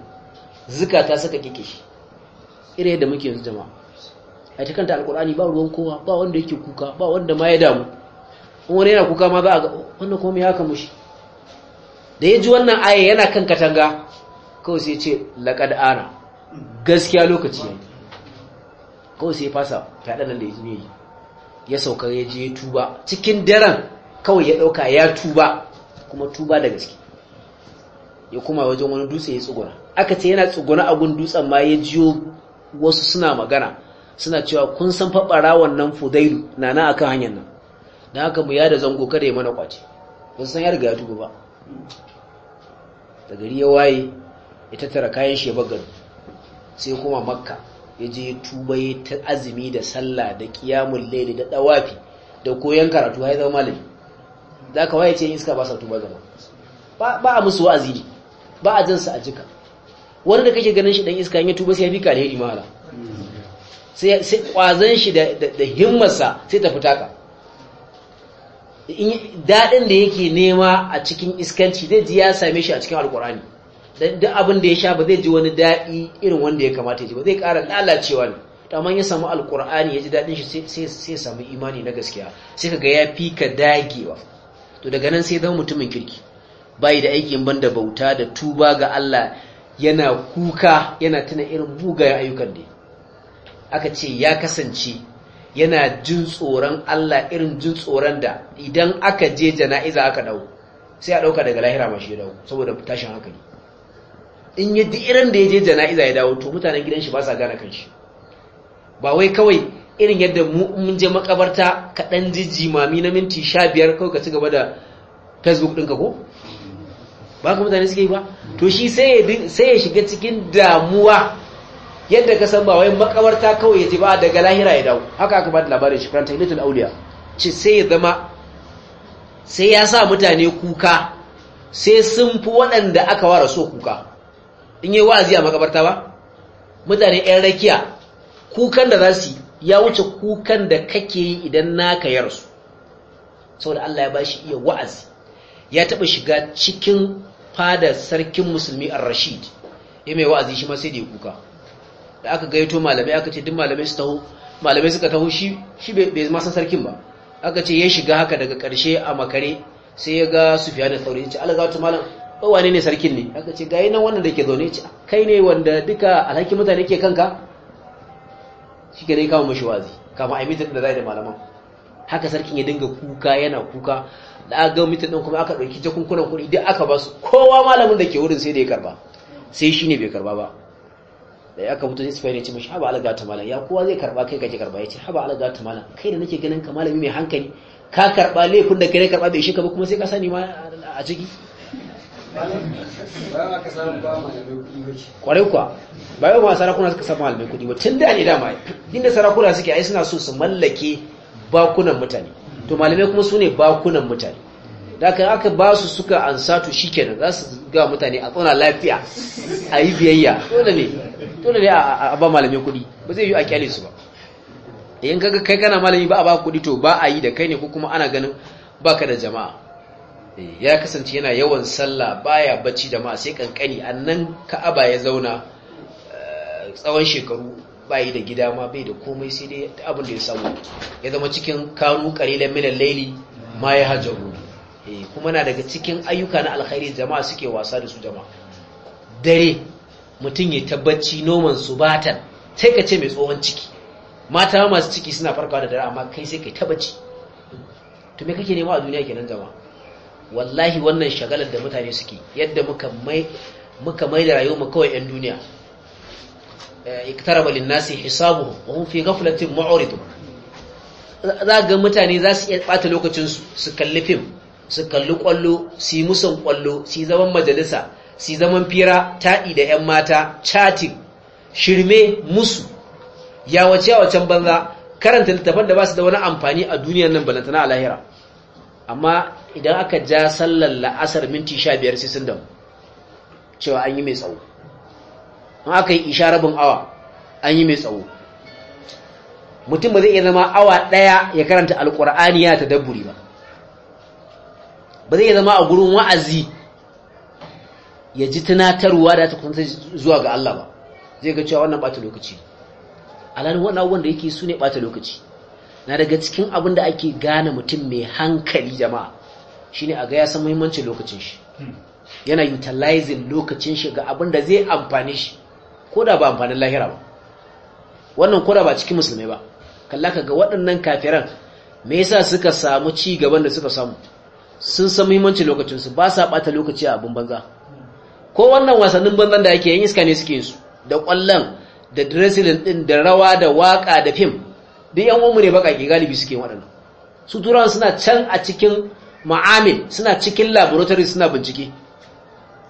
zukata suka kike shi irin da muke yanzu jama'a a cikin ta kanta ba ruwan kowa ba wanda yake kuka ba wanda ma ya damu wani yana kuka ma za a ga wannan kuma ya haka mushi da ya ji wannan aya yana kan katanga kawai sai ce laƙad ana gaskiya lokaci ne kawai sai ya fasa nan da ya yi ya sauka ya je ya tuba cikin daren kawai ya ɗauka ya tuba kuma tuba da gaske ya kuma wajen wani dutse ya tsugura aka ce yana tsuguna a gun dutsen ma ya jiyo wasu suna magana suna cewa kun san faɓara wannan fudailu na na akan hanyar nan da haka mu yada zango kada ya mana kwace ba san ya riga ya ba da gari ya waye ya tattara kayan shi ya bagari sai kuma makka ya je tuba ya ta azumi da sallah da kiyamun laili da dawafi da koyon karatu a zama malami da ka waye ce yin iska ba sa tuba zama ba a musu wa'azi ne ba a jinsa a jika wani da kake ganin shi dan iska ya tuba sai ya fi ka imala. sai kwazon shi da himmarsa sai ta fita ka daɗin da yake nema a cikin iskanci zai ji ya same shi a cikin alkur'ani Da duk abin da ya sha ba zai ji wani daɗi irin wanda ya kamata ya ji ba zai ƙara lalacewa ne man ya samu alkur'ani ya ji daɗin shi sai samu imani na gaskiya sai ka ga ya fi ka dagewa to daga nan sai zama mutumin kirki bayi da aikin banda bauta da tuba ga Allah yana kuka yana tuna irin bugayen ayyukan da aka ce ya kasance yana jin tsoron Allah irin jin tsoron da idan aka je jana'iza aka dau sai a dauka daga lahira mashi ya dawo saboda tashin hankali in ya duk irin da ya je jana'iza ya dawo to mutanen gidan shi ba sa gane kanshi ba wai kawai irin yadda mu mun je makabarta ka dan jijimami na minti 15 kawai ka ci gaba da Facebook ɗinka ko ba ka mutane suke yi ba to shi sai ya shiga cikin damuwa yadda ka san ba wai makabarta kawai ya ba daga lahira ya dawo haka aka bada labarin shi kan tahiyatul auliya ci sai ya zama sai ya sa mutane kuka sai sun fi waɗanda aka ware so kuka in yi wa'azi a makabarta ba mutane 'yan rakiya kukan da za su ya wuce kukan da kake yi idan naka yarsu saboda Allah ya bashi iya wa'azi ya taɓa shiga cikin fadar sarkin musulmi ar-rashid ya mai wa'azi shi ma sai da ya kuka da aka gaito malamai aka ce duk malamai su taho malamai suka taho shi shi bai ma san sarkin ba aka ce ya shiga haka daga karshe a makare sai ya ga Sufyan al-Thawri ya ce algatu malam ko wane ne sarkin ne aka ce ga nan wannan da ke zaune ce kai ne wanda duka alhaki mutane ke kanka shi ke ne kawo mashi wazi kama a mitin da zai da malaman haka sarkin ya dinga kuka yana kuka da aka ga mitin ɗin kuma aka ɗauki jakunkunan kuɗi duk aka ba su kowa malamin da ke wurin sai da ya karba sai shi ne bai karba ba da ka fito zai sufyan ne ce mashi haba alaga ta malam ya kowa zai karba kai kake karba ya ce haba alaga ta malam kai da nake ganin ka malami mai hankali ka karba laifin da kai karba bai shi ka ba kuma sai ka sani ma a ciki kwarai kuwa ba yau ba sarakuna suka samu malamai kudi ba tun da ne dama inda sarakuna suke ai suna so su mallake bakunan mutane to malamai kuma su ne bakunan mutane da aka aka ba su suka ansatu shikenan za su ga mutane a tsona lafiya a yi biyayya dole ne dole ne a ba malami kuɗi ba zai yi a kyale su ba in kaga kai kana malami ba a ba kuɗi to ba a yi da kai ne ko kuma ana ganin baka da jama'a eh, ya kasance yana yawan sallah baya bacci da ma sai kankani annan ka'aba ya zauna eh, tsawon shekaru bai da gida ma bai da komai sai dai ta abin da ya samu ya zama cikin kanu karilan minan laili ma ya hajaru eh, kuma na daga cikin ayyuka na alkhairi jama'a suke wasa da su jama'a dare mutum ya tabbaci noman su batan sai ka ce mai tsohon ciki mata masu ciki suna farkawa da dare amma kai sai kai tabbaci to me kake nema a duniya kenan zama? wallahi wannan shagalar da mutane suke yadda muka mai muka mai da kawai yan duniya eh, iktaraba linnasi hisabuhum wa hum fi ghaflatin mu'ridun za ga mutane za su iya bata lokacin su su kalli fim su kalli kwallo su yi musan kwallo su yi zaman majalisa si zaman fira taɗi da 'yan mata chatting shirme musu yawace yawacen banza karanta littafan da ba su da wani amfani a duniyar nan balantana a lahira amma idan aka ja sallar la'asar minti sha biyar sai sun damu cewa an yi mai tsawo an aka yi isha rabin awa an yi mai tsawo mutum ba zai iya zama awa ɗaya ya karanta Alƙur'aniya ya ta dabburi ba ba zai iya zama a gurin wa'azi ya ji tunatarwa da ta kusanta zuwa ga Allah ba zai ga cewa wannan bata lokaci alhalin wannan abubuwan da yake su ne bata lokaci na daga cikin abin da ake gane mutum mai hankali jama'a shine a ga ya san muhimmancin lokacin shi yana utilizing lokacin shi ga abin da zai amfane shi ko da ba amfanin lahira ba wannan ko da ba cikin musulmai ba kalla ka ga waɗannan kafiran me yasa suka samu ci gaban da suka samu sun san muhimmancin lokacinsu ba sa ɓata lokaci a abin banza ko wannan wasannin banzan da ake yin iska ne suke su da kwallon da dressing din da rawa da waka da fim duk yan uwanmu ne bakaki galibi suke waɗannan su turawan suna can a cikin ma'amil suna cikin laboratory suna bincike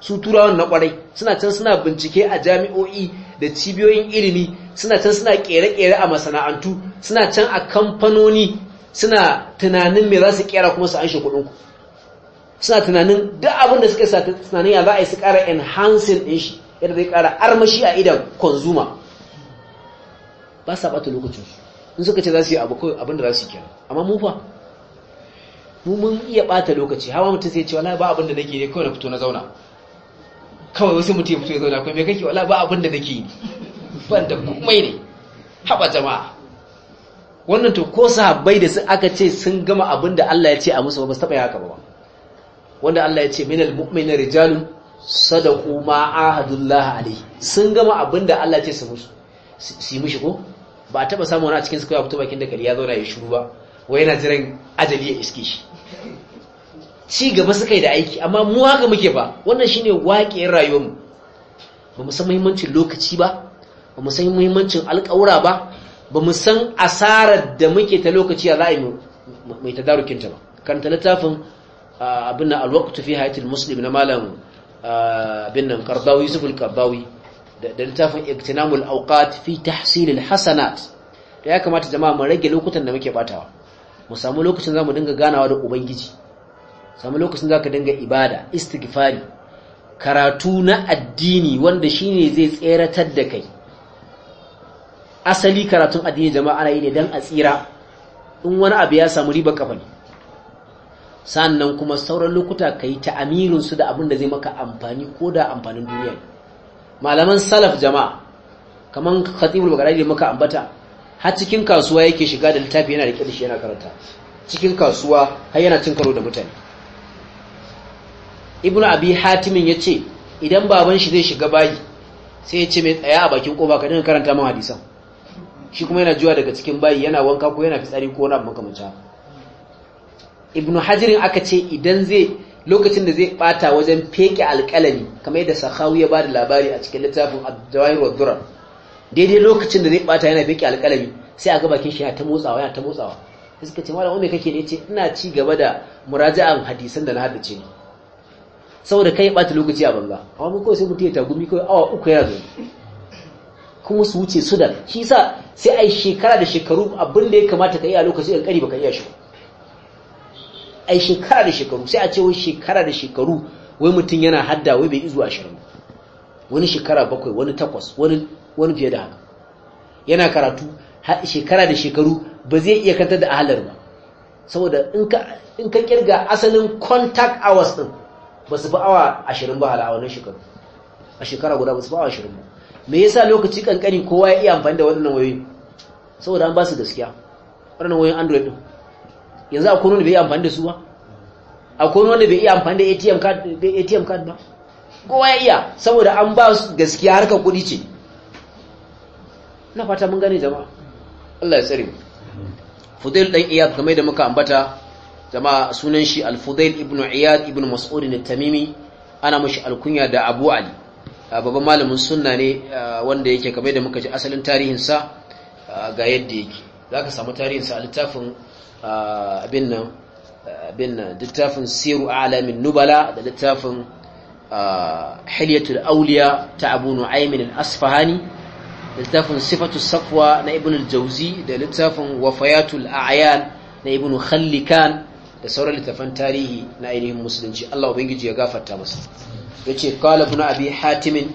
su turawan na kwarai suna can suna bincike a jami'o'i da cibiyoyin ilimi suna can suna kere-kere a masana'antu suna can a kamfanoni suna tunanin me za su kera kuma su anshe kuɗinku suna tunanin duk abin da suka sata tunanin ya za a yi su ƙara enhancing ɗin shi yadda zai ƙara armashi a idan consumer ba sa ɓata su, in suka ce za su yi abu kawai abin da za su yi kenan amma mu fa mu mun iya ɓata lokaci hawa mutum sai ce wala ba abin da nake ne kawai na fito na zauna kawai wasu mutum ya fito ya zauna kawai mai kake wala ba abin da nake yi ban da komai ne haɓa jama'a wannan to ko sahabbai da sun aka ce sun gama abin da Allah ya ce a musu ba su taɓa yi haka ba wanda Allah ya ce minal mu'minin rijalun sadaku ma ahadullah alaihi sun gama abinda Allah ya ce su musu su yi mushi ko ba a taba samu wani a cikin su kai fito bakin da kali ya zauna ya shiru ba wai yana jiran ajali ya iske shi ci gaba suka yi da aiki amma mu haka muke ba wannan shine waƙiyar mu ba mu san muhimmancin lokaci ba ba mu san muhimmancin alƙawura ba ba mu san asarar da muke ta lokaci a za'a yi mai tadarukin ta ba karanta littafin abin nan alwaqtu fi hayatil muslim na malam ah, abin nan qardawi yusuf da littafin iktinamul awqat fi tahsil Hassana, hasanat ya kamata jama'a mu rage lokutan da muke batawa mu samu lokacin zamu dinga ganawa da ubangiji samu lokacin zaka dinga ibada istighfari karatu na addini wanda shine zai tseratar da kai asali karatun addini jama'a ana yi ne dan a tsira in wani abu ya samu riba kafani sannan kuma sauran lokuta ka yi ta amirinsu da abin da zai maka amfani ko da amfanin duniya malaman salaf jama'a kamar khatibul bagari da maka ambata har cikin kasuwa yake shiga da littafi yana rike da shi yana karanta cikin kasuwa har yana cin karo da mutane ibnu abi hatimin ya ce idan baban shi zai shiga bayi sai ya ce mai tsaya a bakin koba ka dinga karanta man hadisan shi kuma yana juwa daga cikin bayi yana wanka ko yana fitsari ko wani abu makamancin haka ibn hajirin aka ce idan zai lokacin da zai bata wajen feke alkalami kamar yadda sahawi ya ba da labari a cikin littafin ad-dawair daidai lokacin da zai bata yana feke alkalami sai a ga bakin shi ya ta motsawa yana ta motsawa sai suka ce malam umme kake ne ce ina ci gaba da muraja'an hadisan da na haddace ce saboda kai bata lokaci a banza amma mun kawai sai mutum ya tagumi kawai awa uku ya zo kuma su wuce sudan shi sa sai a yi shekara da shekaru abinda da ya kamata ka yi a lokaci da kari baka iya shi ba ai shekara da shekaru sai a ce wai shekara da shekaru wai mutum yana hadda wai bai izu ashirin wani shekara bakwai wani takwas wani wani fiye da haka yana karatu shekara da shekaru ba zai iya kantar da ahalar ba saboda in ka kirga asalin contact hours din ba su fi awa ashirin ba a wannan shekaru a shekara guda ba su fi awa ashirin ba me yasa lokaci kankani kowa ya iya amfani da waɗannan wayoyi saboda an ba su gaskiya waɗannan wayoyin android din yanzu a kono ne bai amfani da su ba a kono da bai iya amfani da ATM card ATM card ba kowa ya iya saboda an ba su gaskiya harka kudi ce na fata mun gane jama'a Allah ya tsare mu Fudail dan Iyad kamar da muka ambata jama'a sunan shi Al-Fudail ibn Iyad ibn Mas'ud al-Tamimi ana mashi alkunya da Abu Ali babban malamin sunna ne wanda yake kamar da muka ji asalin tarihin sa ga yadda yake zaka samu tarihin sa a littafin abin nan abin nan littafin siru alamin nubala da littafin hilyatul auliya ta abu nu'aymin asfahani da littafin sifatu safwa na ibn al-jawzi da littafin wafayatul a'yan na ibn khallikan da sauran littafan tarihi na ainihin musulunci Allah ubangiji ya gafarta masa yace qala ibn abi hatim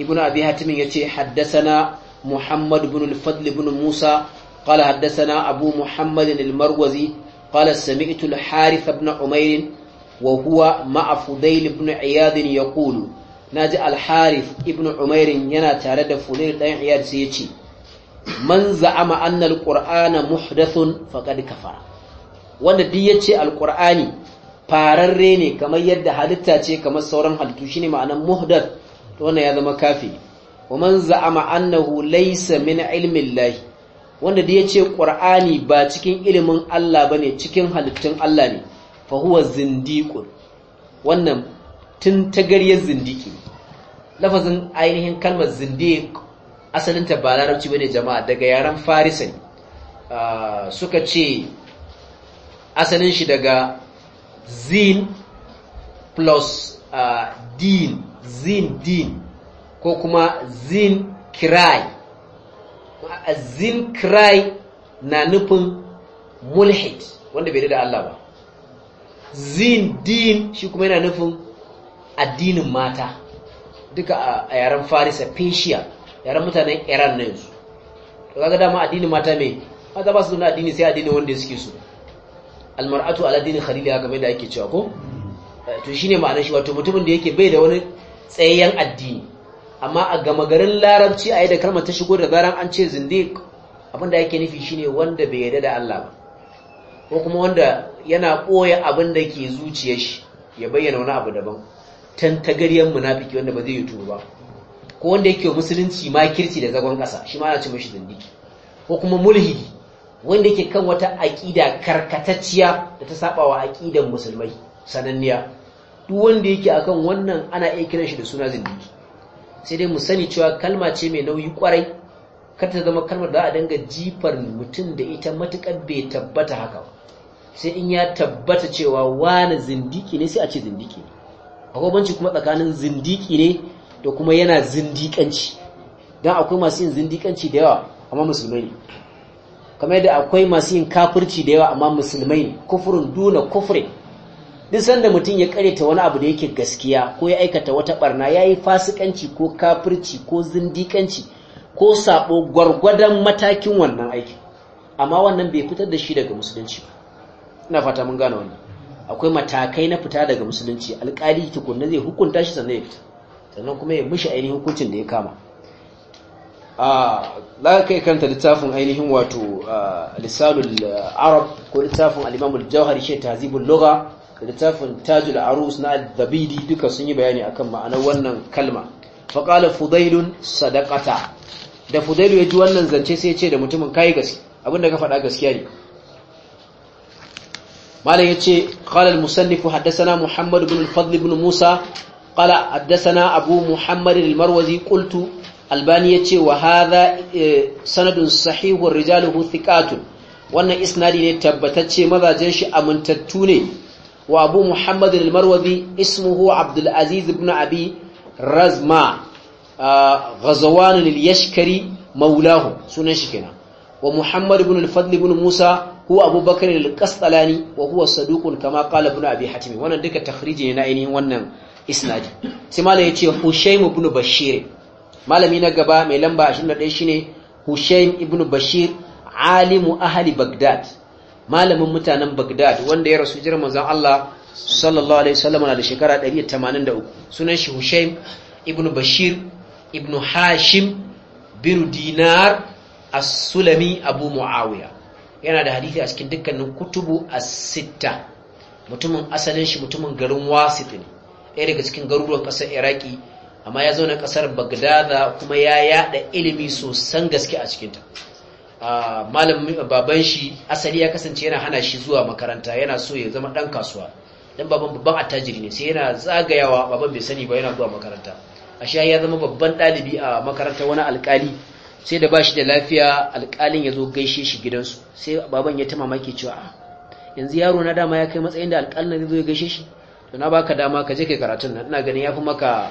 ibn abi hatim yace haddathana muhammad ibn al-fadl ibn musa قال حدثنا أبو محمد المروزي قال سمعت الحارث بن عمير وهو مع فضيل بن عياد يقول ناجي الحارث ابن عمير ينا تارد فضيل بن عياد سيتي من زعم أن القرآن محدث فقد كفر wanda duk ya ce alkur'ani fararre ne kamar yadda halitta ce kamar sauran halittu shi ne ma'anar muhdar ya zama kafi wa man annahu laysa min ilmin wanda da ya ce ƙur'ani ba cikin ilimin Allah ba ne cikin halittun Allah ne fahuwa zindikun. wannan tun tagaryar zindiki lafazin ainihin kalmar zindik asalinta ba larabci ba ne jama'a daga yaren farisa ne ah, suka ce asalin shi daga zin plus ah, din zin din ko kuma zin kirai azinkirai na nufin mulhid wanda bai da Allah ba zin din shi kuma yana nufin addinin mata duka a yaren farisa peshiya yaren mutanen iran na yanzu to kaga dama addinin mata mai mata ba su zuna addini sai addinin wanda suke su almar'atu ala dinin khalili haka mai da ake cewa ko eh, to shine ma'anar shi wato mutumin da yake bai da wani tsayayyen addini amma a gama garin larabci a yi da kalmar ta shigo da zaran an ce zindiq abinda yake nufi shine wanda bai yarda da Allah ba ko kuma wanda yana koya abin da ke zuciyar shi ya bayyana wani abu daban tantagariyar munafiki wanda ba zai yi tuba ko wanda yake musulunci ma makirci da zagon kasa shi ma ana ce mashi zindiki ko kuma mulhidi wanda yake kan wata aƙida karkatacciya da ta saba wa aƙidan musulmai sananniya duk wanda yake akan wannan ana iya kiran shi da suna zindiki sai dai mu sani cewa kalma ce mai nauyi kwarai kar ta zama kalmar da a danga jifar mutum da ita matukar bai tabbata haka ba sai in ya tabbata cewa wani zindiki ne sai a ce zindiki ne akwai banci kuma tsakanin zindiki ne da kuma yana zindikanci don akwai masu yin zindikanci da yawa amma musulmai ne kamar yadda akwai masu yin kafirci da yawa amma musulmai ne kufurin duna kufurin duk sanda mutum ya kareta wani abu da yake gaskiya ko ya aikata wata barna yi fasikanci ko kafirci ko zindikanci ko sabo gwargwadon matakin wannan aiki amma wannan bai fitar da shi daga musulunci ba ina fata mun gane wannan akwai matakai na fita daga musulunci alƙali tukunna zai hukunta shi sannan ya fita sannan kuma ya mishi ainihin hukuncin da ya kama a za kai kanta littafin ainihin wato lisalul arab ko littafin al-imam al-jawhari shi tahzibul lugha littafin tajul arus na dabidi duka sun yi bayani akan ma'anar wannan kalma faƙala fudailun sadakata da fudailu ya ji wannan zance sai ce da mutumin kayi gaske abinda ka faɗa gaskiya ne malam yace qala al-musannif haddathana muhammad ibn al-fadl ibn musa qala haddathana abu muhammad al-marwazi qultu albani yace wa hadha e, sanadun sahih wa rijaluhu thiqatun wannan isnadi ne tabbatacce mazajen shi amintattu ne وأبو محمد المروذي اسمه عبد العزيز بن أبي رزما غزوان اليشكري مولاه سنشكنا ومحمد بن الفضل بن موسى هو أبو بكر القسطلاني وهو صدوق كما قال ابن أبي حاتم وانا دك تخريجي نائني وانا إسنادي سمالا يتي حشيم بن بشير مالا مينا قبا ميلمبا عشرين شيني حشيم بن بشير عالم أهل بغداد malamin mutanen Baghdad wanda ya rasu jira manzon Allah sallallahu alaihi wasallam da shekara 183 sunan shi Hushaim ibn Bashir ibn Hashim bin Dinar as-Sulami Abu Muawiya yana da hadisi a cikin dukkanin kutubu as-sitta mutumin asalin shi mutumin garin Wasit ne ɗaya daga cikin garuruwan ƙasar Iraki amma ya zauna ƙasar Baghdad kuma ya yada ilimi sosan gaske a cikinta. ta baban shi asali ya kasance yana hana shi zuwa makaranta yana so ya zama dan kasuwa dan baban babban attajiri ne sai yana zagayawa baban bai sani ba yana zuwa makaranta ashe ya zama babban dalibi a makaranta wani alkali sai da bashi da lafiya alkalin ya zo gaishe shi gidansu sai baban ya ta mamaki cewa ah, yanzu yaro na dama ya kai matsayin da alkalin ya zo ya gaishe shi to na baka dama ka je kai karatun nan ina ganin ya yafi maka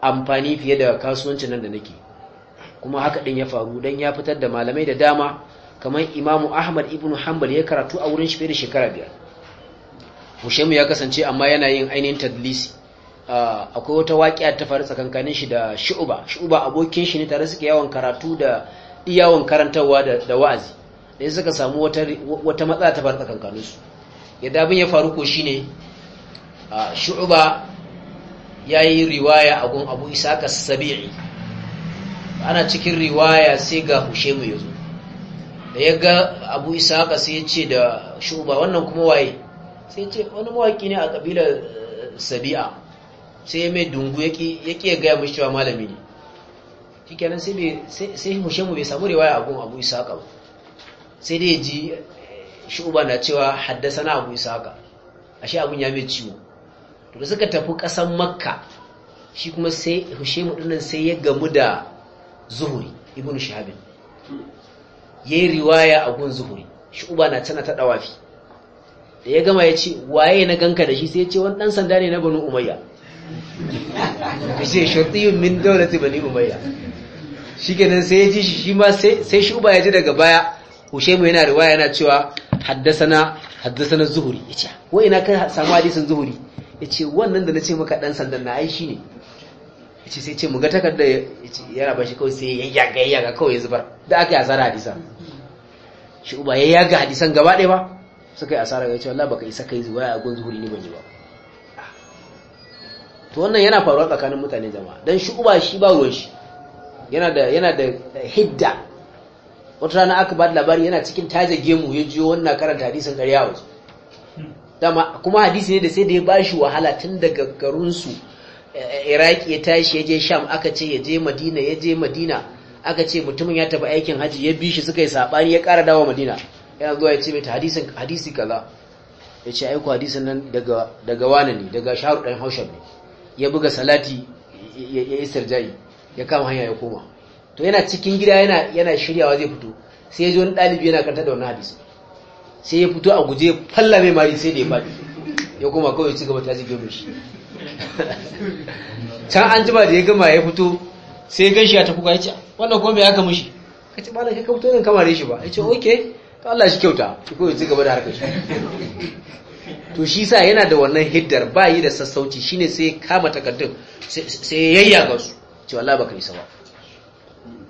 amfani fiye da kasuwancin nan da nake kuma haka din ya faru dan ya fitar da malamai da dama kamar imamu ahmad ibn hanbal ya karatu a wurin shi fere shekara biyar hushaimu ya kasance amma yana yin ainihin tadlisi akwai wata waƙiya ta faru tsakankanin shi da shu'uba shu'uba abokin shi ne tare suke yawon karatu da yawon karantarwa da wa'azi da suka samu wata wata matsala ta faru tsakankanin su yadda abin ya faru ko shine shu'uba yi riwaya a gun Abu Isa ka sabii ana cikin riwaya sai ga hushe ya zo da ya ga abu haka sai ya ce da shuba wannan kuma waye sai ya ce wani mawaki ne a ƙabilar eh, sabi'a sai ya mai dungu ya ƙi ya gaya mashi cewa malami ne Cikin kenan sai mu bai samu riwaya abun abu isa haka sai dai ji eh, shuba na cewa haddasa na abu a ashe abun ya mai ciwo to da suka tafi ƙasan makka shi kuma sai mu ɗinnan sai ya gamu da zuhuri ibn shahabin yayi riwaya a gun zuhuri uba na tana ta dawafi da ya gama ya ce waye na ganka da shi sai ya ce wani dan sanda ne na banu umayya bishe shurtiyun min dawlati banu umayya shikenan sai ya ji shi shi ma sai sai shuba ya ji daga baya mu yana riwaya yana cewa haddasa na zuhuri yace wai ina ka samu hadisin zuhuri yace wannan da nace maka dan sandan na ai shine ce sai ce mu ga takarda yace yana ba shi kawai sai ya yaga yaga kawai ya zubar da aka yi asara hadisan shi uba ya yaga hadisan gaba ɗaya ba suka yi asara ce wallah baka isa kai zuwa a gunzu zuhuri ne ban ji ba to wannan yana faruwa tsakanin mutane jama'a dan shi uba shi ba ruwan shi yana da yana da hidda wata rana aka ba labari yana cikin taje gemu ya jiyo wannan karanta hadisan ƙarya waje dama kuma hadisi ne da sai da ya bashi wahala tun daga garinsu iraki ya tashi ya je sham aka ce ya je madina ya je madina aka ce mutumin ya tafi aikin haji ya bi shi suka yi sabani ya kara dawo madina yana zuwa ya ce mai hadisin hadisi kaza ya ce aiko hadisin nan daga daga wani ne daga sharu dan haushab ne ya buga salati ya yi sarja'i ya kama hanya ya koma to yana cikin gida yana yana shiryawa zai fito sai ya ji wani ɗalibi yana kanta da wani hadisi sai ya fito a guje falla mai mari sai da ya faɗi ya koma kawai ci gaba ta ji gobe shi can an jima da ya gama ya fito sai ya ganshi ya tafi kuka ya ce wannan kuma bai aka mushi ka ce bala ka fito zan kama da shi ba ya ce ok to Allah shi kyauta shi kawai zai gaba da harkar shi to shi sa yana da wannan hiddar ba yi da sassauci shine sai ya kama takardun sai ya ga su ce ba baka isa ba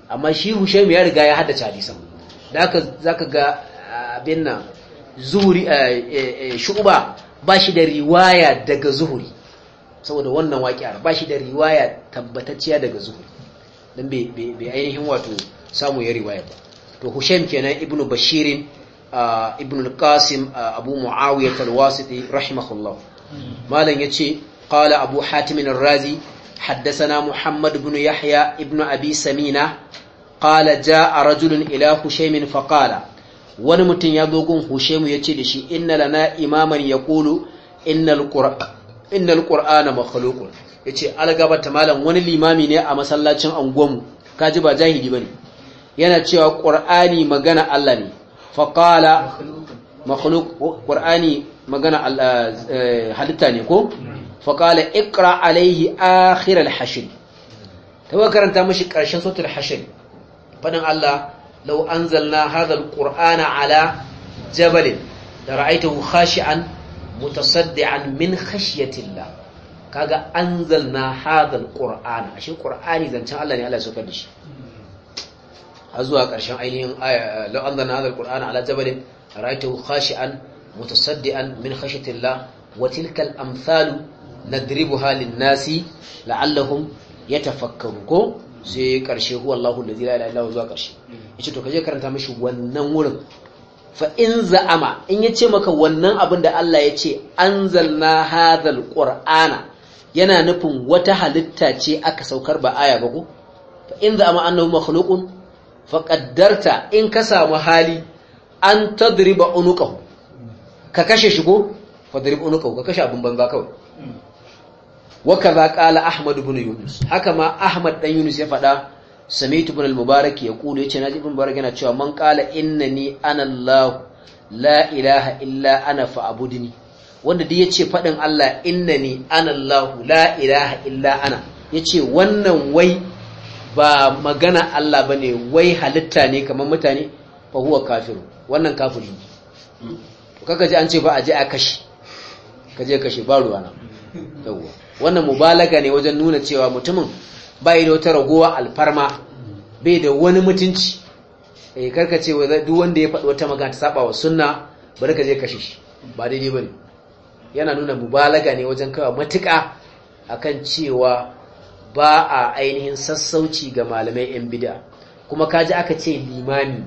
amma shi Hushaim ya riga ya haddace hadisan da haka zaka ga ah, abin nan zuhuri eh, eh, eh, shu'ba ba shi da riwaya daga zuhuri saboda wannan waƙiyar ba shi da riwaya tabbatacciya daga zuhu don bai ainihin wato samu ya riwaya ba to hushem kenan ibnu bashirin ibnu qasim abu muawiya talwasiti rahimahullah malam ce ƙala abu hatim ar muhammad حدثنا Yahya Ibn يحيى Samina. أبي ja a rajulun رجل إلى min faƙala. wani mutum ya zo gun Hushemu ya ce da shi inna lana imaman ya kulu inna innal qur'ana makhluqun yace algabata malam wani limami ne a masallacin mu. kaji ba jahili bane yana cewa qur'ani magana Allah ne fa qala makhluq qur'ani magana eh, halitta ne ko fa qala iqra alayhi akhir al-hashr tawa karanta mishi karshen suratul hashr fadan Allah law anzalna hadha al ala jabalin da ra'aytahu khashi'an mutasaddi'an min khashyatillah kaga anzalna hadhal qur'an ashe qur'ani zancen Allah ne Allah ya saukar da shi har zuwa ƙarshen ainihin aya law anzalna hadhal qur'ana ala jabalin ra'aytahu khashi'an mutasaddi'an min khashyatillah wa tilka al-amthalu nadribuha lin-nasi la'allahum yatafakkarun ko sai ƙarshe huwa Allahu allazi la ilaha illa huwa zuwa karshe. yace to kaje karanta mishi wannan wurin fa in za'ama in ya ce maka wannan abin da Allah ya ce an zanna hadal ƙor'ana yana nufin wata halitta ce aka saukar ba aya ba ku. fa in za'ama annahu makhluqun fa qaddarta in ka samu hali an tadriba unukahu ka kashe shigo fa darib unukahu ka kashe abin banza kawai wa za ƙala ahmad bin yunus haka ma ahmad ɗan yunus ya faɗa سميت بن المبارك يقول yaqulu yace naji ibn mubarak yana cewa man qala innani ana allah la ilaha illa ana fa'budni wanda duk yace faɗin allah innani ana allah la ilaha illa ana yace wannan wai ba magana allah bane wai halitta ne kamar mutane fa huwa kafiru wannan kafiri to kaga ji an ce ba a je a kashi kaje kashe ba ruwana na wannan mubalaga ne wajen nuna cewa mutumin bai da wata ragowa alfarma bai da wani mutunci eh karkace duk wanda ya faɗi wata magana ta saba wa sunna bari ka je kashe shi ba daidai ne. yana nuna mubalaga ne wajen kawa matuƙa akan cewa ba a ainihin sassauci ga malamai yan bid'a kuma kaji aka ce limami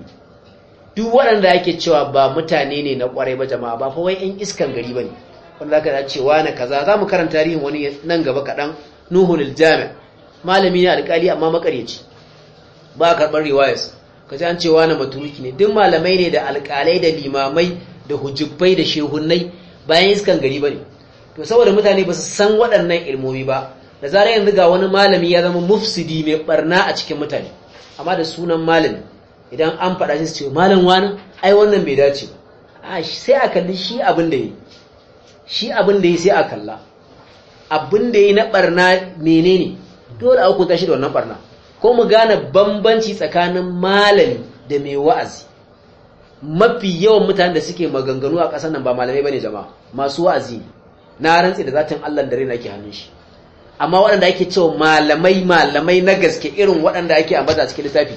duk waɗanda ake cewa ba mutane ne na ƙwarai ba jama'a ba fa wai yan iskan gari ba bane wanda zaka cewa na kaza za mu karanta tarihin wani nan gaba kaɗan nuhun jami' malami ne alƙali, amma makaryaci ba a karɓar riwayarsa ka ji an ce na maturuki ne duk malamai ne da alƙalai da limamai da hujjubbai da shehunnai bayan iskan gari ba ne to saboda mutane ba su san waɗannan ilmomi ba da zarar yanzu ga wani malami ya zama mufsidi mai barna a cikin mutane amma da sunan malami idan an faɗa shi su ce malam wani ai wannan bai dace ba sai a kalli shi abin da shi abin da sai a kalla abin da na barna menene dole a tashi da wannan barna ko mu gane bambanci tsakanin malami da mai wa'azi mafi yawan mutanen da suke maganganu a ƙasar nan ba malamai bane jama'a masu wa'azi na rantsi da zatin Allah da raina yake hannun shi amma waɗanda ake cewa malamai malamai na gaske irin waɗanda ake ambata cikin lissafi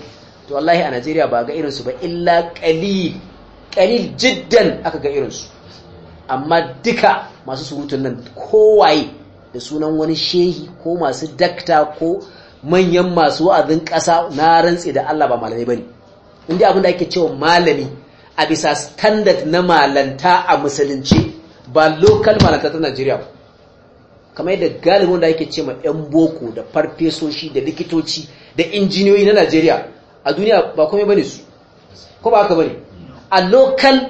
to wallahi a Najeriya ba ga irin su ba illa qalil qalil jiddan aka ga irin su amma duka masu surutun nan kowaye da sunan wani shehi ko masu dakta ko manyan masu wa'azin ƙasa na rantse da Allah ba malamai bane inda abin da ake cewa malami a bisa standard na malanta a musulunci ba local malanta ta Najeriya ba kamar yadda galibin da ake cewa yan boko da farfesoshi da likitoci da injiniyoyi na Najeriya a duniya ba komai bane su ko ba haka bane a lokal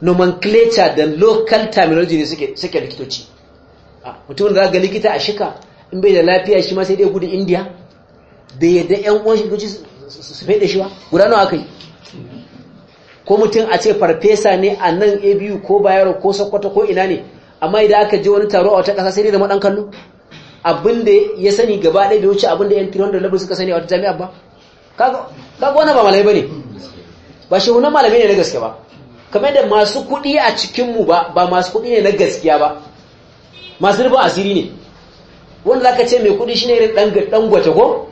nomenclature da lokal terminology ne suke likitoci Ah, mutumin da ga likita a shika in bai da lafiya shi ma sai dai gudu indiya da yadda yan uwan shi guji su da shi ba guda nawa aka yi ko mutum a ce farfesa ne a nan abu ko bayero ko sokoto ko ina ne amma idan aka je wani taro a wata ƙasa sai dai zama ɗan kallo abinda ya sani gaba ɗaya bai wuce abinda yan da labar suka sani a wata jami'a ba kaga wani ba malamai ba ne ba shi wani malamai ne na gaske ba kamar da masu kuɗi a cikinmu ba ba masu kuɗi ne na gaskiya ba masu rufe asiri ne wanda zaka ce mai kudi shine irin dan gwace ko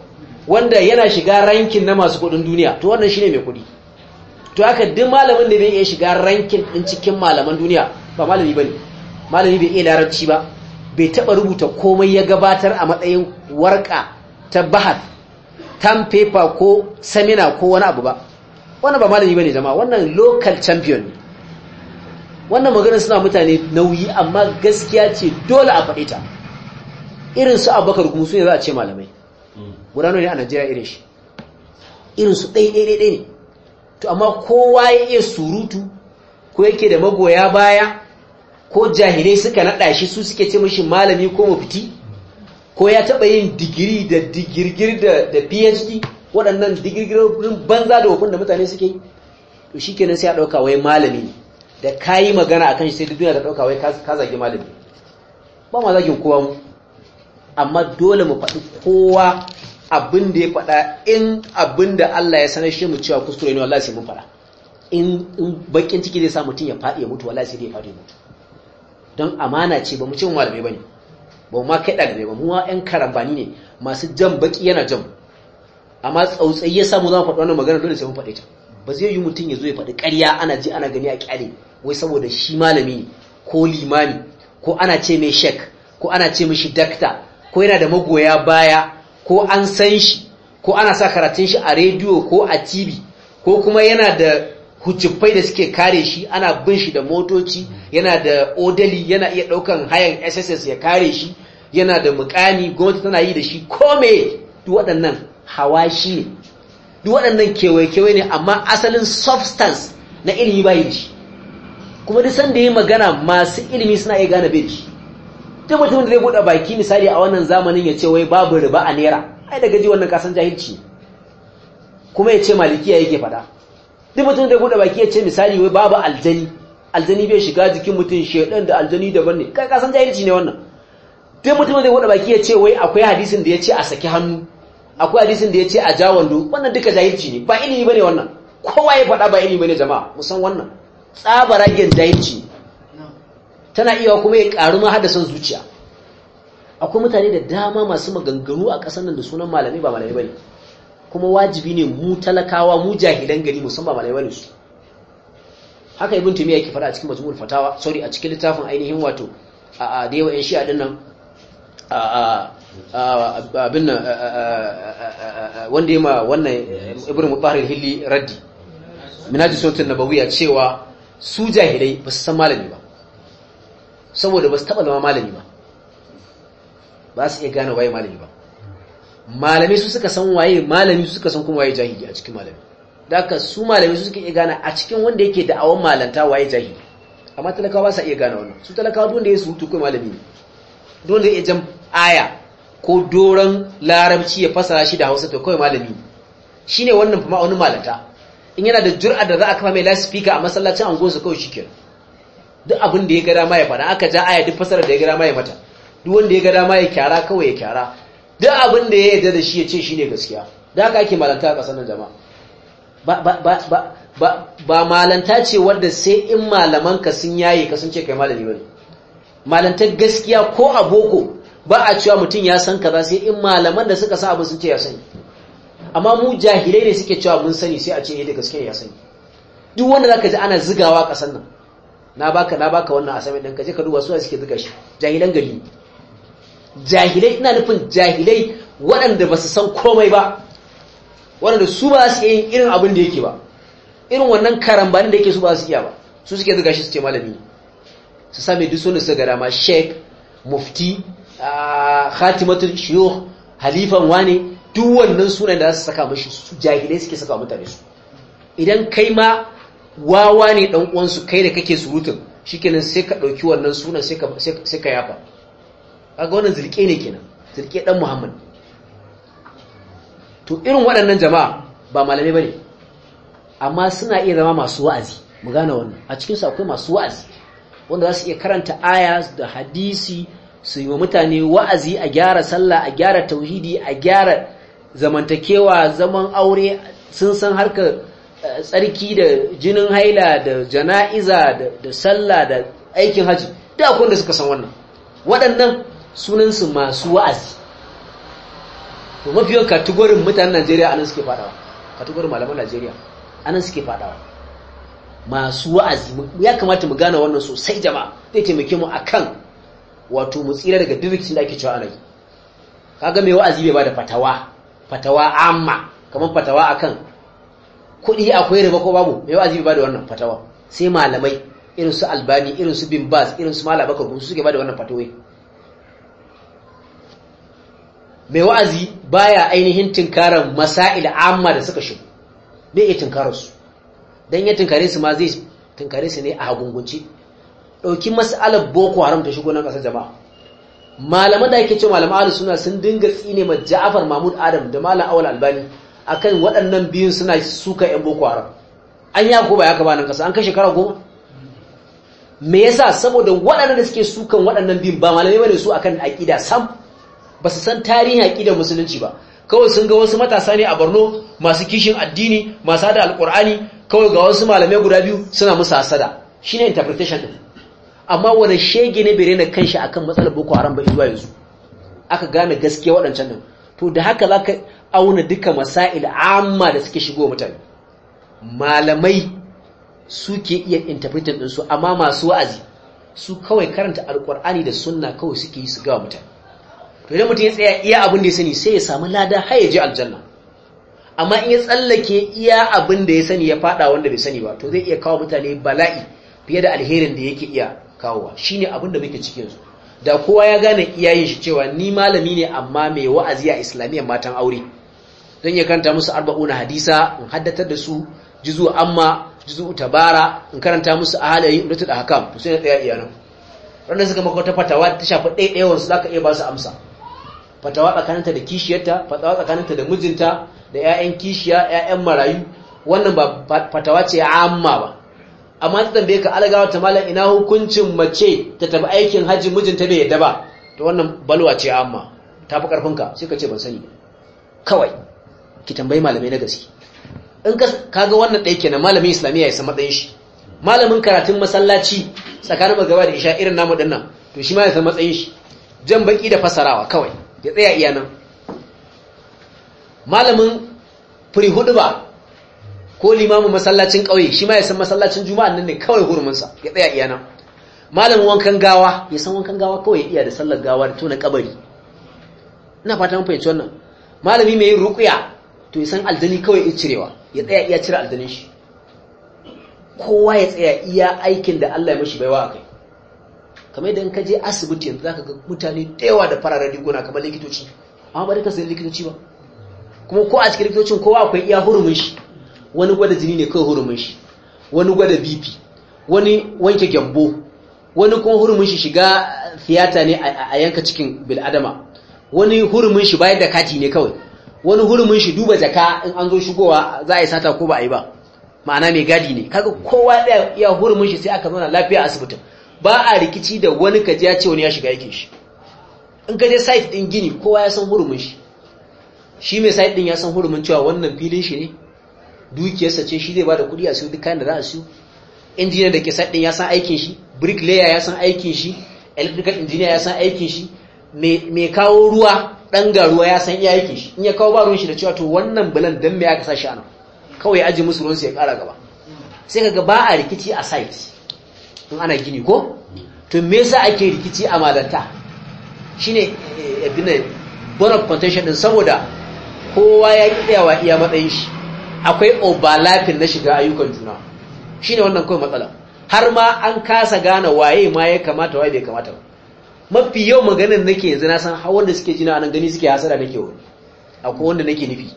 wanda yana shiga rankin na masu kudin duniya to wannan shine mai kudi to haka duk malamin da bai iya shiga rankin din cikin malaman duniya ba malami bane malami bai iya larabci ba bai taba rubuta komai ya gabatar a matsayin warka ta bahat tam paper ko seminar ko wani abu ba wannan ba malami bane jama'a wannan local champion ne wannan maganar suna mutane nauyi amma gaskiya ce dole a faɗi ta irin su abubakar kuma su ne za a ce malamai gudanar ne a najeriya irin shi irin su ɗaiɗaiɗaiɗai ne to amma kowa ya iya surutu ko yake da magoya baya ko jahilai suka naɗa shi su suke ce mashi malami ko mafiti ko ya taɓa yin digiri da digirgir da phd waɗannan digirgirin banza da hukun mutane suke yi to shi kenan sai a ɗauka wai malami ne da ka yi magana a kan shi sai duniya ta ɗauka wai ka zagi malami ba ma zagin kowa mu amma dole mu faɗi kowa abin da ya faɗa in abin da Allah ya sanar shi mu cewa kuskure ne wallahi sai mun faɗa in bakin ciki zai sa mutum ya faɗi ya mutu wallahi sai dai ya faɗi mutu don amana ce ba mu ce malamai ne. ba ma kai ɗalibai ba mu ma ƴan karambani ne masu jan baki yana jan amma tsautsayi ya samu za mu faɗi wannan magana dole sai mun faɗe ta ba zai yi mutum ya zo ya faɗi ƙarya ana ji ana gani a ƙyale wai saboda shi malami ko limani ko ana ce mai shek ko ana ce mishi dakta ko yana da magoya baya ko an san shi ko ana sa karatun shi a rediyo ko a tv ko kuma yana da hujjufai da suke kare shi ana bin shi da motoci yana da odali yana iya daukan hayan sss ya kare shi yana da mukami gwamnati tana yi da shi kome duk waɗannan hawa shi ne duk waɗannan kewaye-kewaye ne amma asalin substance na ilimi bayan shi kuma duk sanda yi magana masu ilimi suna iya gane bai shi duk mutumin da zai buɗe baki misali a wannan zamanin ya ce wai babu riba a naira ai daga ji wannan kasan jahilci kuma ya ce malikiya yake faɗa duk mutumin da zai buɗe baki ya ce misali wai babu aljani aljani bai shiga jikin mutum shaidan da aljani daban ne kai kasan jahilci ne wannan duk mutumin da zai buɗe baki ya ce wai akwai hadisin da ya ce a saki hannu akwai hadisin da ya ce a ja wando wannan duka jahilci ne ba ilimi bane wannan kowa ya faɗa ba ilimi bane jama'a musan wannan tsabaragen daici tana iya kuma ya karu ma zuciya akwai mutane da dama masu maganganu a ƙasar nan da sunan malami ba malami bane kuma wajibi ne mu talakawa mu jahilan gari musamman malami bane su haka ibn tumi yake fara a cikin majmu'ul fatawa sorry a cikin littafin ainihin wato a da yawa yan a din nan a a abin nan wanda ya ma wannan ibn mubarak hilli raddi minaji sautin nabawiya cewa su jahilai ba su san malami ba saboda ba su taɓa zama malami ba ba su iya gane waye malami ba malami su suka san waye malami su suka san kuma waye jahili a cikin malami da haka su malami su suka iya gane a cikin wanda yake awon malanta waye jahili amma talakawa ba sa iya gane wannan su talakawa duk da ya hutu kai malami ne duk da ya jam aya ko doron larabci ya fasara shi da hausa to kawai malami shine wannan fa wani malanta in yana da jur'a da za a kafa mai lasifika a masallacin angonsa kawai shi kenan duk abin da ya ga dama ya fara aka ja aya duk fasarar da ya ga dama ya mata duk wanda ya ga dama ya kyara kawai ya kyara duk abin da ya yarda da shi ya ce shine gaskiya da haka ake malanta a ƙasar nan jama'a ba ba ba ba ba, ba malanta ce wadda sai in malaman ka sun yaye ka sun ce kai malami bane malanta gaskiya ko a boko ba a cewa mutum ya san kaza sai in malaman da suka sa abu sun ce ya sani amma mu jahilai ne suke cewa mun sani sai a ce eh da gaske ya sani duk wanda zaka ji ana zigawa kasan nan na baka na baka wannan a sami ka je ka duba su suke zuga shi jahilan gari jahilai ina nufin jahilai waɗanda ba su san komai ba waɗanda su ba su yi irin abin da yake ba irin wannan karambanin da yake su ba su iya ba su suke zuga shi su ce malami su sami duk sunan su gara ma sheik mufti ah, khatimatul shuyukh halifan wane duk wannan sunan da za su saka mashi su jahilai suke saka mutane su idan kai ma wawa ne dan uwansu kai da kake surutun shikenan sai ka dauki wannan sunan sai ka sai ka yafa kaga wannan zirke ne kenan zirke dan Muhammad to irin waɗannan jama'a ba malamai bane amma suna iya zama masu wa'azi mu gane wannan a cikin su akwai masu wa'azi wanda za su iya karanta aya da hadisi su yi wa mutane wa'azi a gyara sallah a gyara tauhidi a gyara zamantakewa zaman aure sun san harkar eh, tsarki da jinin haila da jana'iza da sallah da aikin haji da akwai da suka san wannan waɗannan sunansu masu wa'azi to mafiyan katigorin mutanen najeriya anan suke fadawa katigorin malaman najeriya anan suke fadawa masu wa'azi ya kamata mu gane wannan sosai jama'a zai taimake mu akan wato mu tsira daga dirikcin da ake cewa ana kaga mai wa'azi bai bada fatawa fatawa amma kamar fatawa akan kuɗi akwai riba ko babu mai wajibi ba da wannan fatawa sai malamai irin su albani irin su bin bas irin su malaba ka su suke ba da wannan fatawai mai wa'azi baya ainihin tinkarar masail amma da suka shigo me iya tinkarar su dan ya tinkare su ma zai tinkare su ne a hagungunci dauki mas'alar boko haram ta shigo nan kasar jama'a malaman da ake ce malaman ahlus sunna sun dinga tsine ma Ja'far Mahmud Adam da malam Awal Albani akan waɗannan biyun suna suka yan boko haram an ya ko ba ya kaba nan kasa an kashe kara goma me yasa saboda waɗannan da suke sukan waɗannan biyun ba malamai bane su akan aqida sam ba su san tarihin aqidar musulunci ba kawai sun ga wasu matasa ne a Borno masu kishin addini masu hada alqur'ani kawai ga wasu malamai guda biyu suna musu hasada shine interpretation din amma wani shege ne bai kan kanshi akan matsalar boko haram ba zuwa yanzu aka gane gaskiya waɗancan nan to da haka za ka auna duka masail amma da suke shigo mutane malamai suke iya interpretin ɗinsu amma masu wa'azi su kawai karanta alƙur'ani da sunna kawai suke yi su gawa mutane to idan mutum ya tsaya iya abin da ya sani sai ya samu lada har ya je aljanna amma in ya tsallake iya abin da ya sani ya fada wanda bai sani ba to zai iya kawo mutane bala'i fiye da alherin da yake iya kawowa shi abin da muke cikinsu. su da kowa ya gane iyayen shi cewa ni malami ne amma mai wa'azi a islamiyyar matan aure Zan ya karanta musu arba'u na hadisa in haddatar da su jizu amma jizu tabara in karanta musu ahalayi da da ku sai na tsaya iyanan ranar suka maka ta fatawa ta shafi ɗaiɗaiwansu za ka iya ba su amsa fatawa tsakaninta da kishiyarta fatawa tsakaninta da mijinta da 'ya'yan kishiya 'ya'yan marayu wannan ba fatawa ce amma ba amma ta tambaye ka alagawa ta malam ina hukuncin mace ta tafi aikin hajji mijinta bai yadda ba to wannan balwa ce amma ta fi ka. sai ka ce ban sani kawai ki tambayi malamai na gaske in ka kaga wannan ɗaya kenan malamin islamiyya ya san matsayin shi malamin karatun masallaci tsakanin magaba da isha irin namu dinnan to shi ma ya san matsayin shi jan baki da fasarawa kawai ya tsaya iya nan malamin firi ba ko limamin masallacin ƙauye shi ma ya san masallacin juma'a nan ne kawai huruminsa ya tsaya iya nan malamin wankan gawa ya san wankan gawa kawai ya iya da sallar gawa da tona kabari ina fata mun fahimci wannan malami mai yin ruqya to ya san aljani kawai ya cirewa ya tsaya iya cire aljanin shi kowa ya tsaya iya aikin da Allah ya mishi baiwa akai kamar idan ka je asibiti yanzu zaka ga mutane da yawa da fararen riguna kamar likitoci amma ba ka san likitoci ba kuma ko a cikin likitocin kowa akwai iya hurumin shi wani gwada jini ne kawai hurumin shi wani gwada bp wani wanke gyambo wani kuma hurumin shi shiga fiyata ne a yanka cikin bil'adama wani hurumin shi bayan da kati ne kawai wani hurumin shi duba jaka in an zo shigowa za a yi sata ko ba a yi ba ma'ana mai gadi ne kaga kowa ɗaya ya hurumin shi sai aka zauna lafiya asibitin ba a rikici da wani kaji ya ce wani ya shiga yake shi in ka je site din gini kowa ya san hurumin shi shi mai site din ya san hurumin cewa wannan filin shi ne dukiyarsa ce shi zai ba da kuɗi a siyo duk kayan da za a siyo injiniyar da ke saɗin ya san aikin shi bricklayer ya san aikin shi electrical engineer ya san aikin shi mai kawo ruwa ɗan ga ruwa ya san iya aikin shi in ya kawo ba ruwan shi da cewa to wannan bulan don mai aka sa shi kawai aji musu su ya ƙara gaba sai ga ba a rikici a site in ana gini ko to me yasa ake rikici a malanta shine eh, eh, abin na of contention din saboda kowa ya wa iya matsayin shi akwai obalafin na shiga ayyukan juna shi ne wannan kawai matsala har ma an kasa gane waye ma ya kamata waye bai kamata ba mafi yau maganin nake yanzu na san har wanda suke jina nan gani suke hasara nake wani akwai wanda nake nufi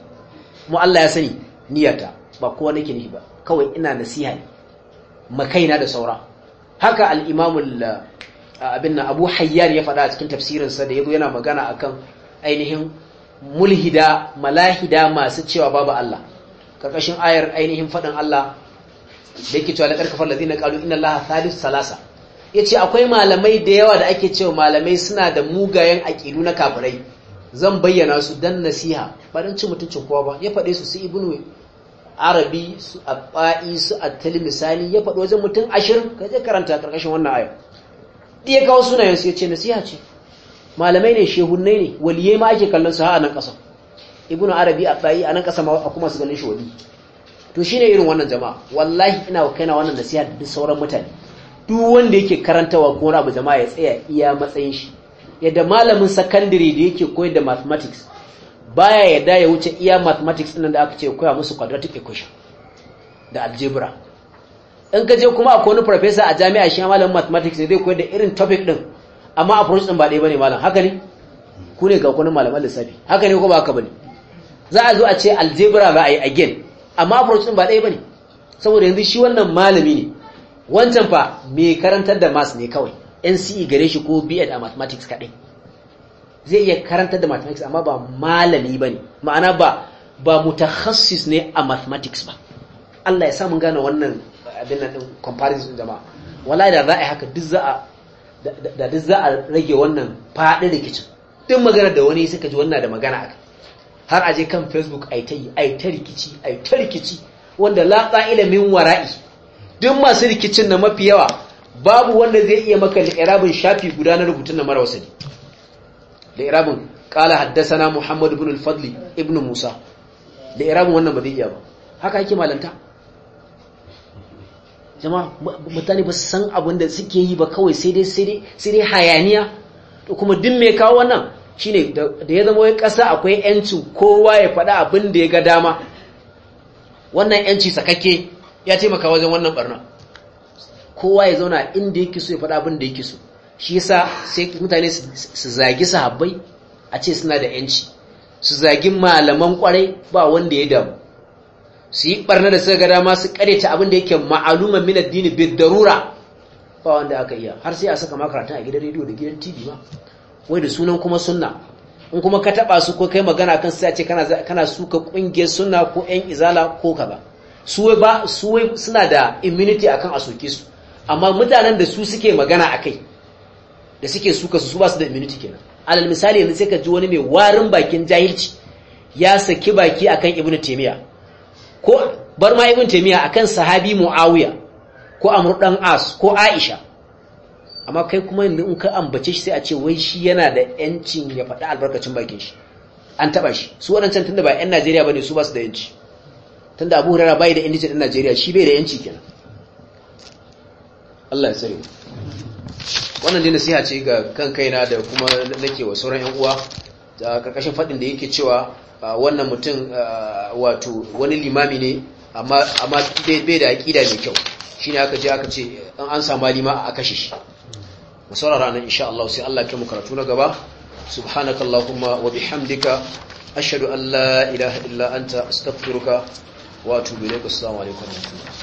mu Allah ya sani niyata ba kowa nake nufi ba kawai ina nasiha ne makaina da saura haka al abin nan Abu hayyar ya faɗa a cikin tafsirinsa da yazo yana magana akan ainihin mulhida malahida masu cewa babu Allah karkashin ayar ainihin faɗin Allah da yake cewa laƙar kafar lazina ƙalu inna Allah thalith salasa ya ce akwai malamai da yawa da ake cewa malamai suna da mugayen aƙidu na kafirai zan bayyana su dan nasiha ba don ci mutuncin kowa ba ya faɗe su su ibnu arabi su abba'i su attali misali ya faɗi wajen mutum ashirin ka je karanta karkashin wannan ayar ɗiya kawo sunayensu ya ce nasiha ce malamai ne shehunnai ne waliye ma ake kallon su ha'a nan ƙasa ibnu arabi a tsayi a nan kasa ma kuma su ganin shi wani to shine irin wannan jama'a wallahi ina kaina wannan nasiha da sauran mutane duk wanda yake karantawa ko wani abu jama'a ya tsaya iya matsayin shi yadda malamin secondary da yake koyar da mathematics baya yadda ya wuce iya mathematics din da aka ce koya musu quadratic equation da algebra in ka je kuma akwai wani professor a jami'a shi malamin mathematics ne zai koyar da irin topic din amma approach din ba dai bane malam haka ne ku ne ga kunin malaman lissafi haka ne ko ba haka bane za a zo a ce Aljebira za a yi again amma approach ɗin ba ɗaya ba ne saboda yanzu shi wannan malami ne wancan fa mai karantar da maths ne kawai nce gare shi ko bed a mathematics kaɗai zai iya karantar da mathematics amma ba malami ba ne ma'ana ba ba mutakhassis ne a mathematics ba Allah ya sa samun gane wannan abin nan din comparison jama'a wallahi da za a yi haka duk za a da duk za a rage wannan faɗi rikicin duk magana da wani suka ji wannan da magana aka har aje kan facebook ai ta yi ai ta rikici ai ta rikici wanda la ilimin min wara'i duk masu rikicin na mafi yawa babu wanda zai iya maka li'irabin shafi guda na rubutun na mara wasali li'irabin ƙala haddasa na Muhammadu Bin alfadli ibn musa li'irabin wannan ba zai iya ba haka yake malanta jama'a mutane ba su san abin da suke yi ba kawai sai dai hayaniya to kuma duk mai kawo wannan shine da ya zama wai ƙasa akwai yanci kowa ya faɗa abin da ya ga dama wannan yanci sakakke ya taimaka wajen wannan barna kowa ya zauna inda yake so ya faɗa abin da yake so shi yasa sai mutane su zagi sahabbai a ce suna da yanci su zagi malaman kwarai ba wanda ya damu su yi barna da suka ga dama su ta abin da yake ma'aluman min addini bi darura ba wanda aka iya har sai a saka makarantar a gidan rediyo da gidan TV ba wai da sunan kuma sunna in kuma ka taba su ko kai magana kan sai a ce kana kana suka kungiyar sunna ko ɗan izala ko kaza su wai ba su wai suna da immunity akan soke su amma mutanen da su suke magana akai da suke suka su su ba su da immunity kenan alal misali yanzu sai ka ji wani mai warin bakin jahilci ya saki baki akan ibnu taymiya ko bar ma ibnu taymiya akan sahabi muawiya ko amr dan as ko aisha amma kai kuma in ka ambace shi sai a ce wai shi yana da yancin ya faɗi albarkacin bakin shi an taɓa shi su waɗancan tunda ba 'yan najeriya ba ne su ba su da yanci tunda abu hurara bai da indijin ɗin najeriya shi bai da yanci kenan allah ya tsare wannan dai nasiha ce ga kan kaina da kuma nake wa sauran 'yan uwa da karkashin faɗin da yake cewa wannan mutum wato wani limami ne amma bai da aƙida mai kyau shi ne aka je aka ce an samu lima a kashe shi mu saurara nan insha Allah sai Allah ya mu karatu na gaba subhanakallahumma wa bihamdika ashhadu an la ilaha illa anta astaghfiruka wa atubu ilayk assalamu alaikum wa rahmatullahi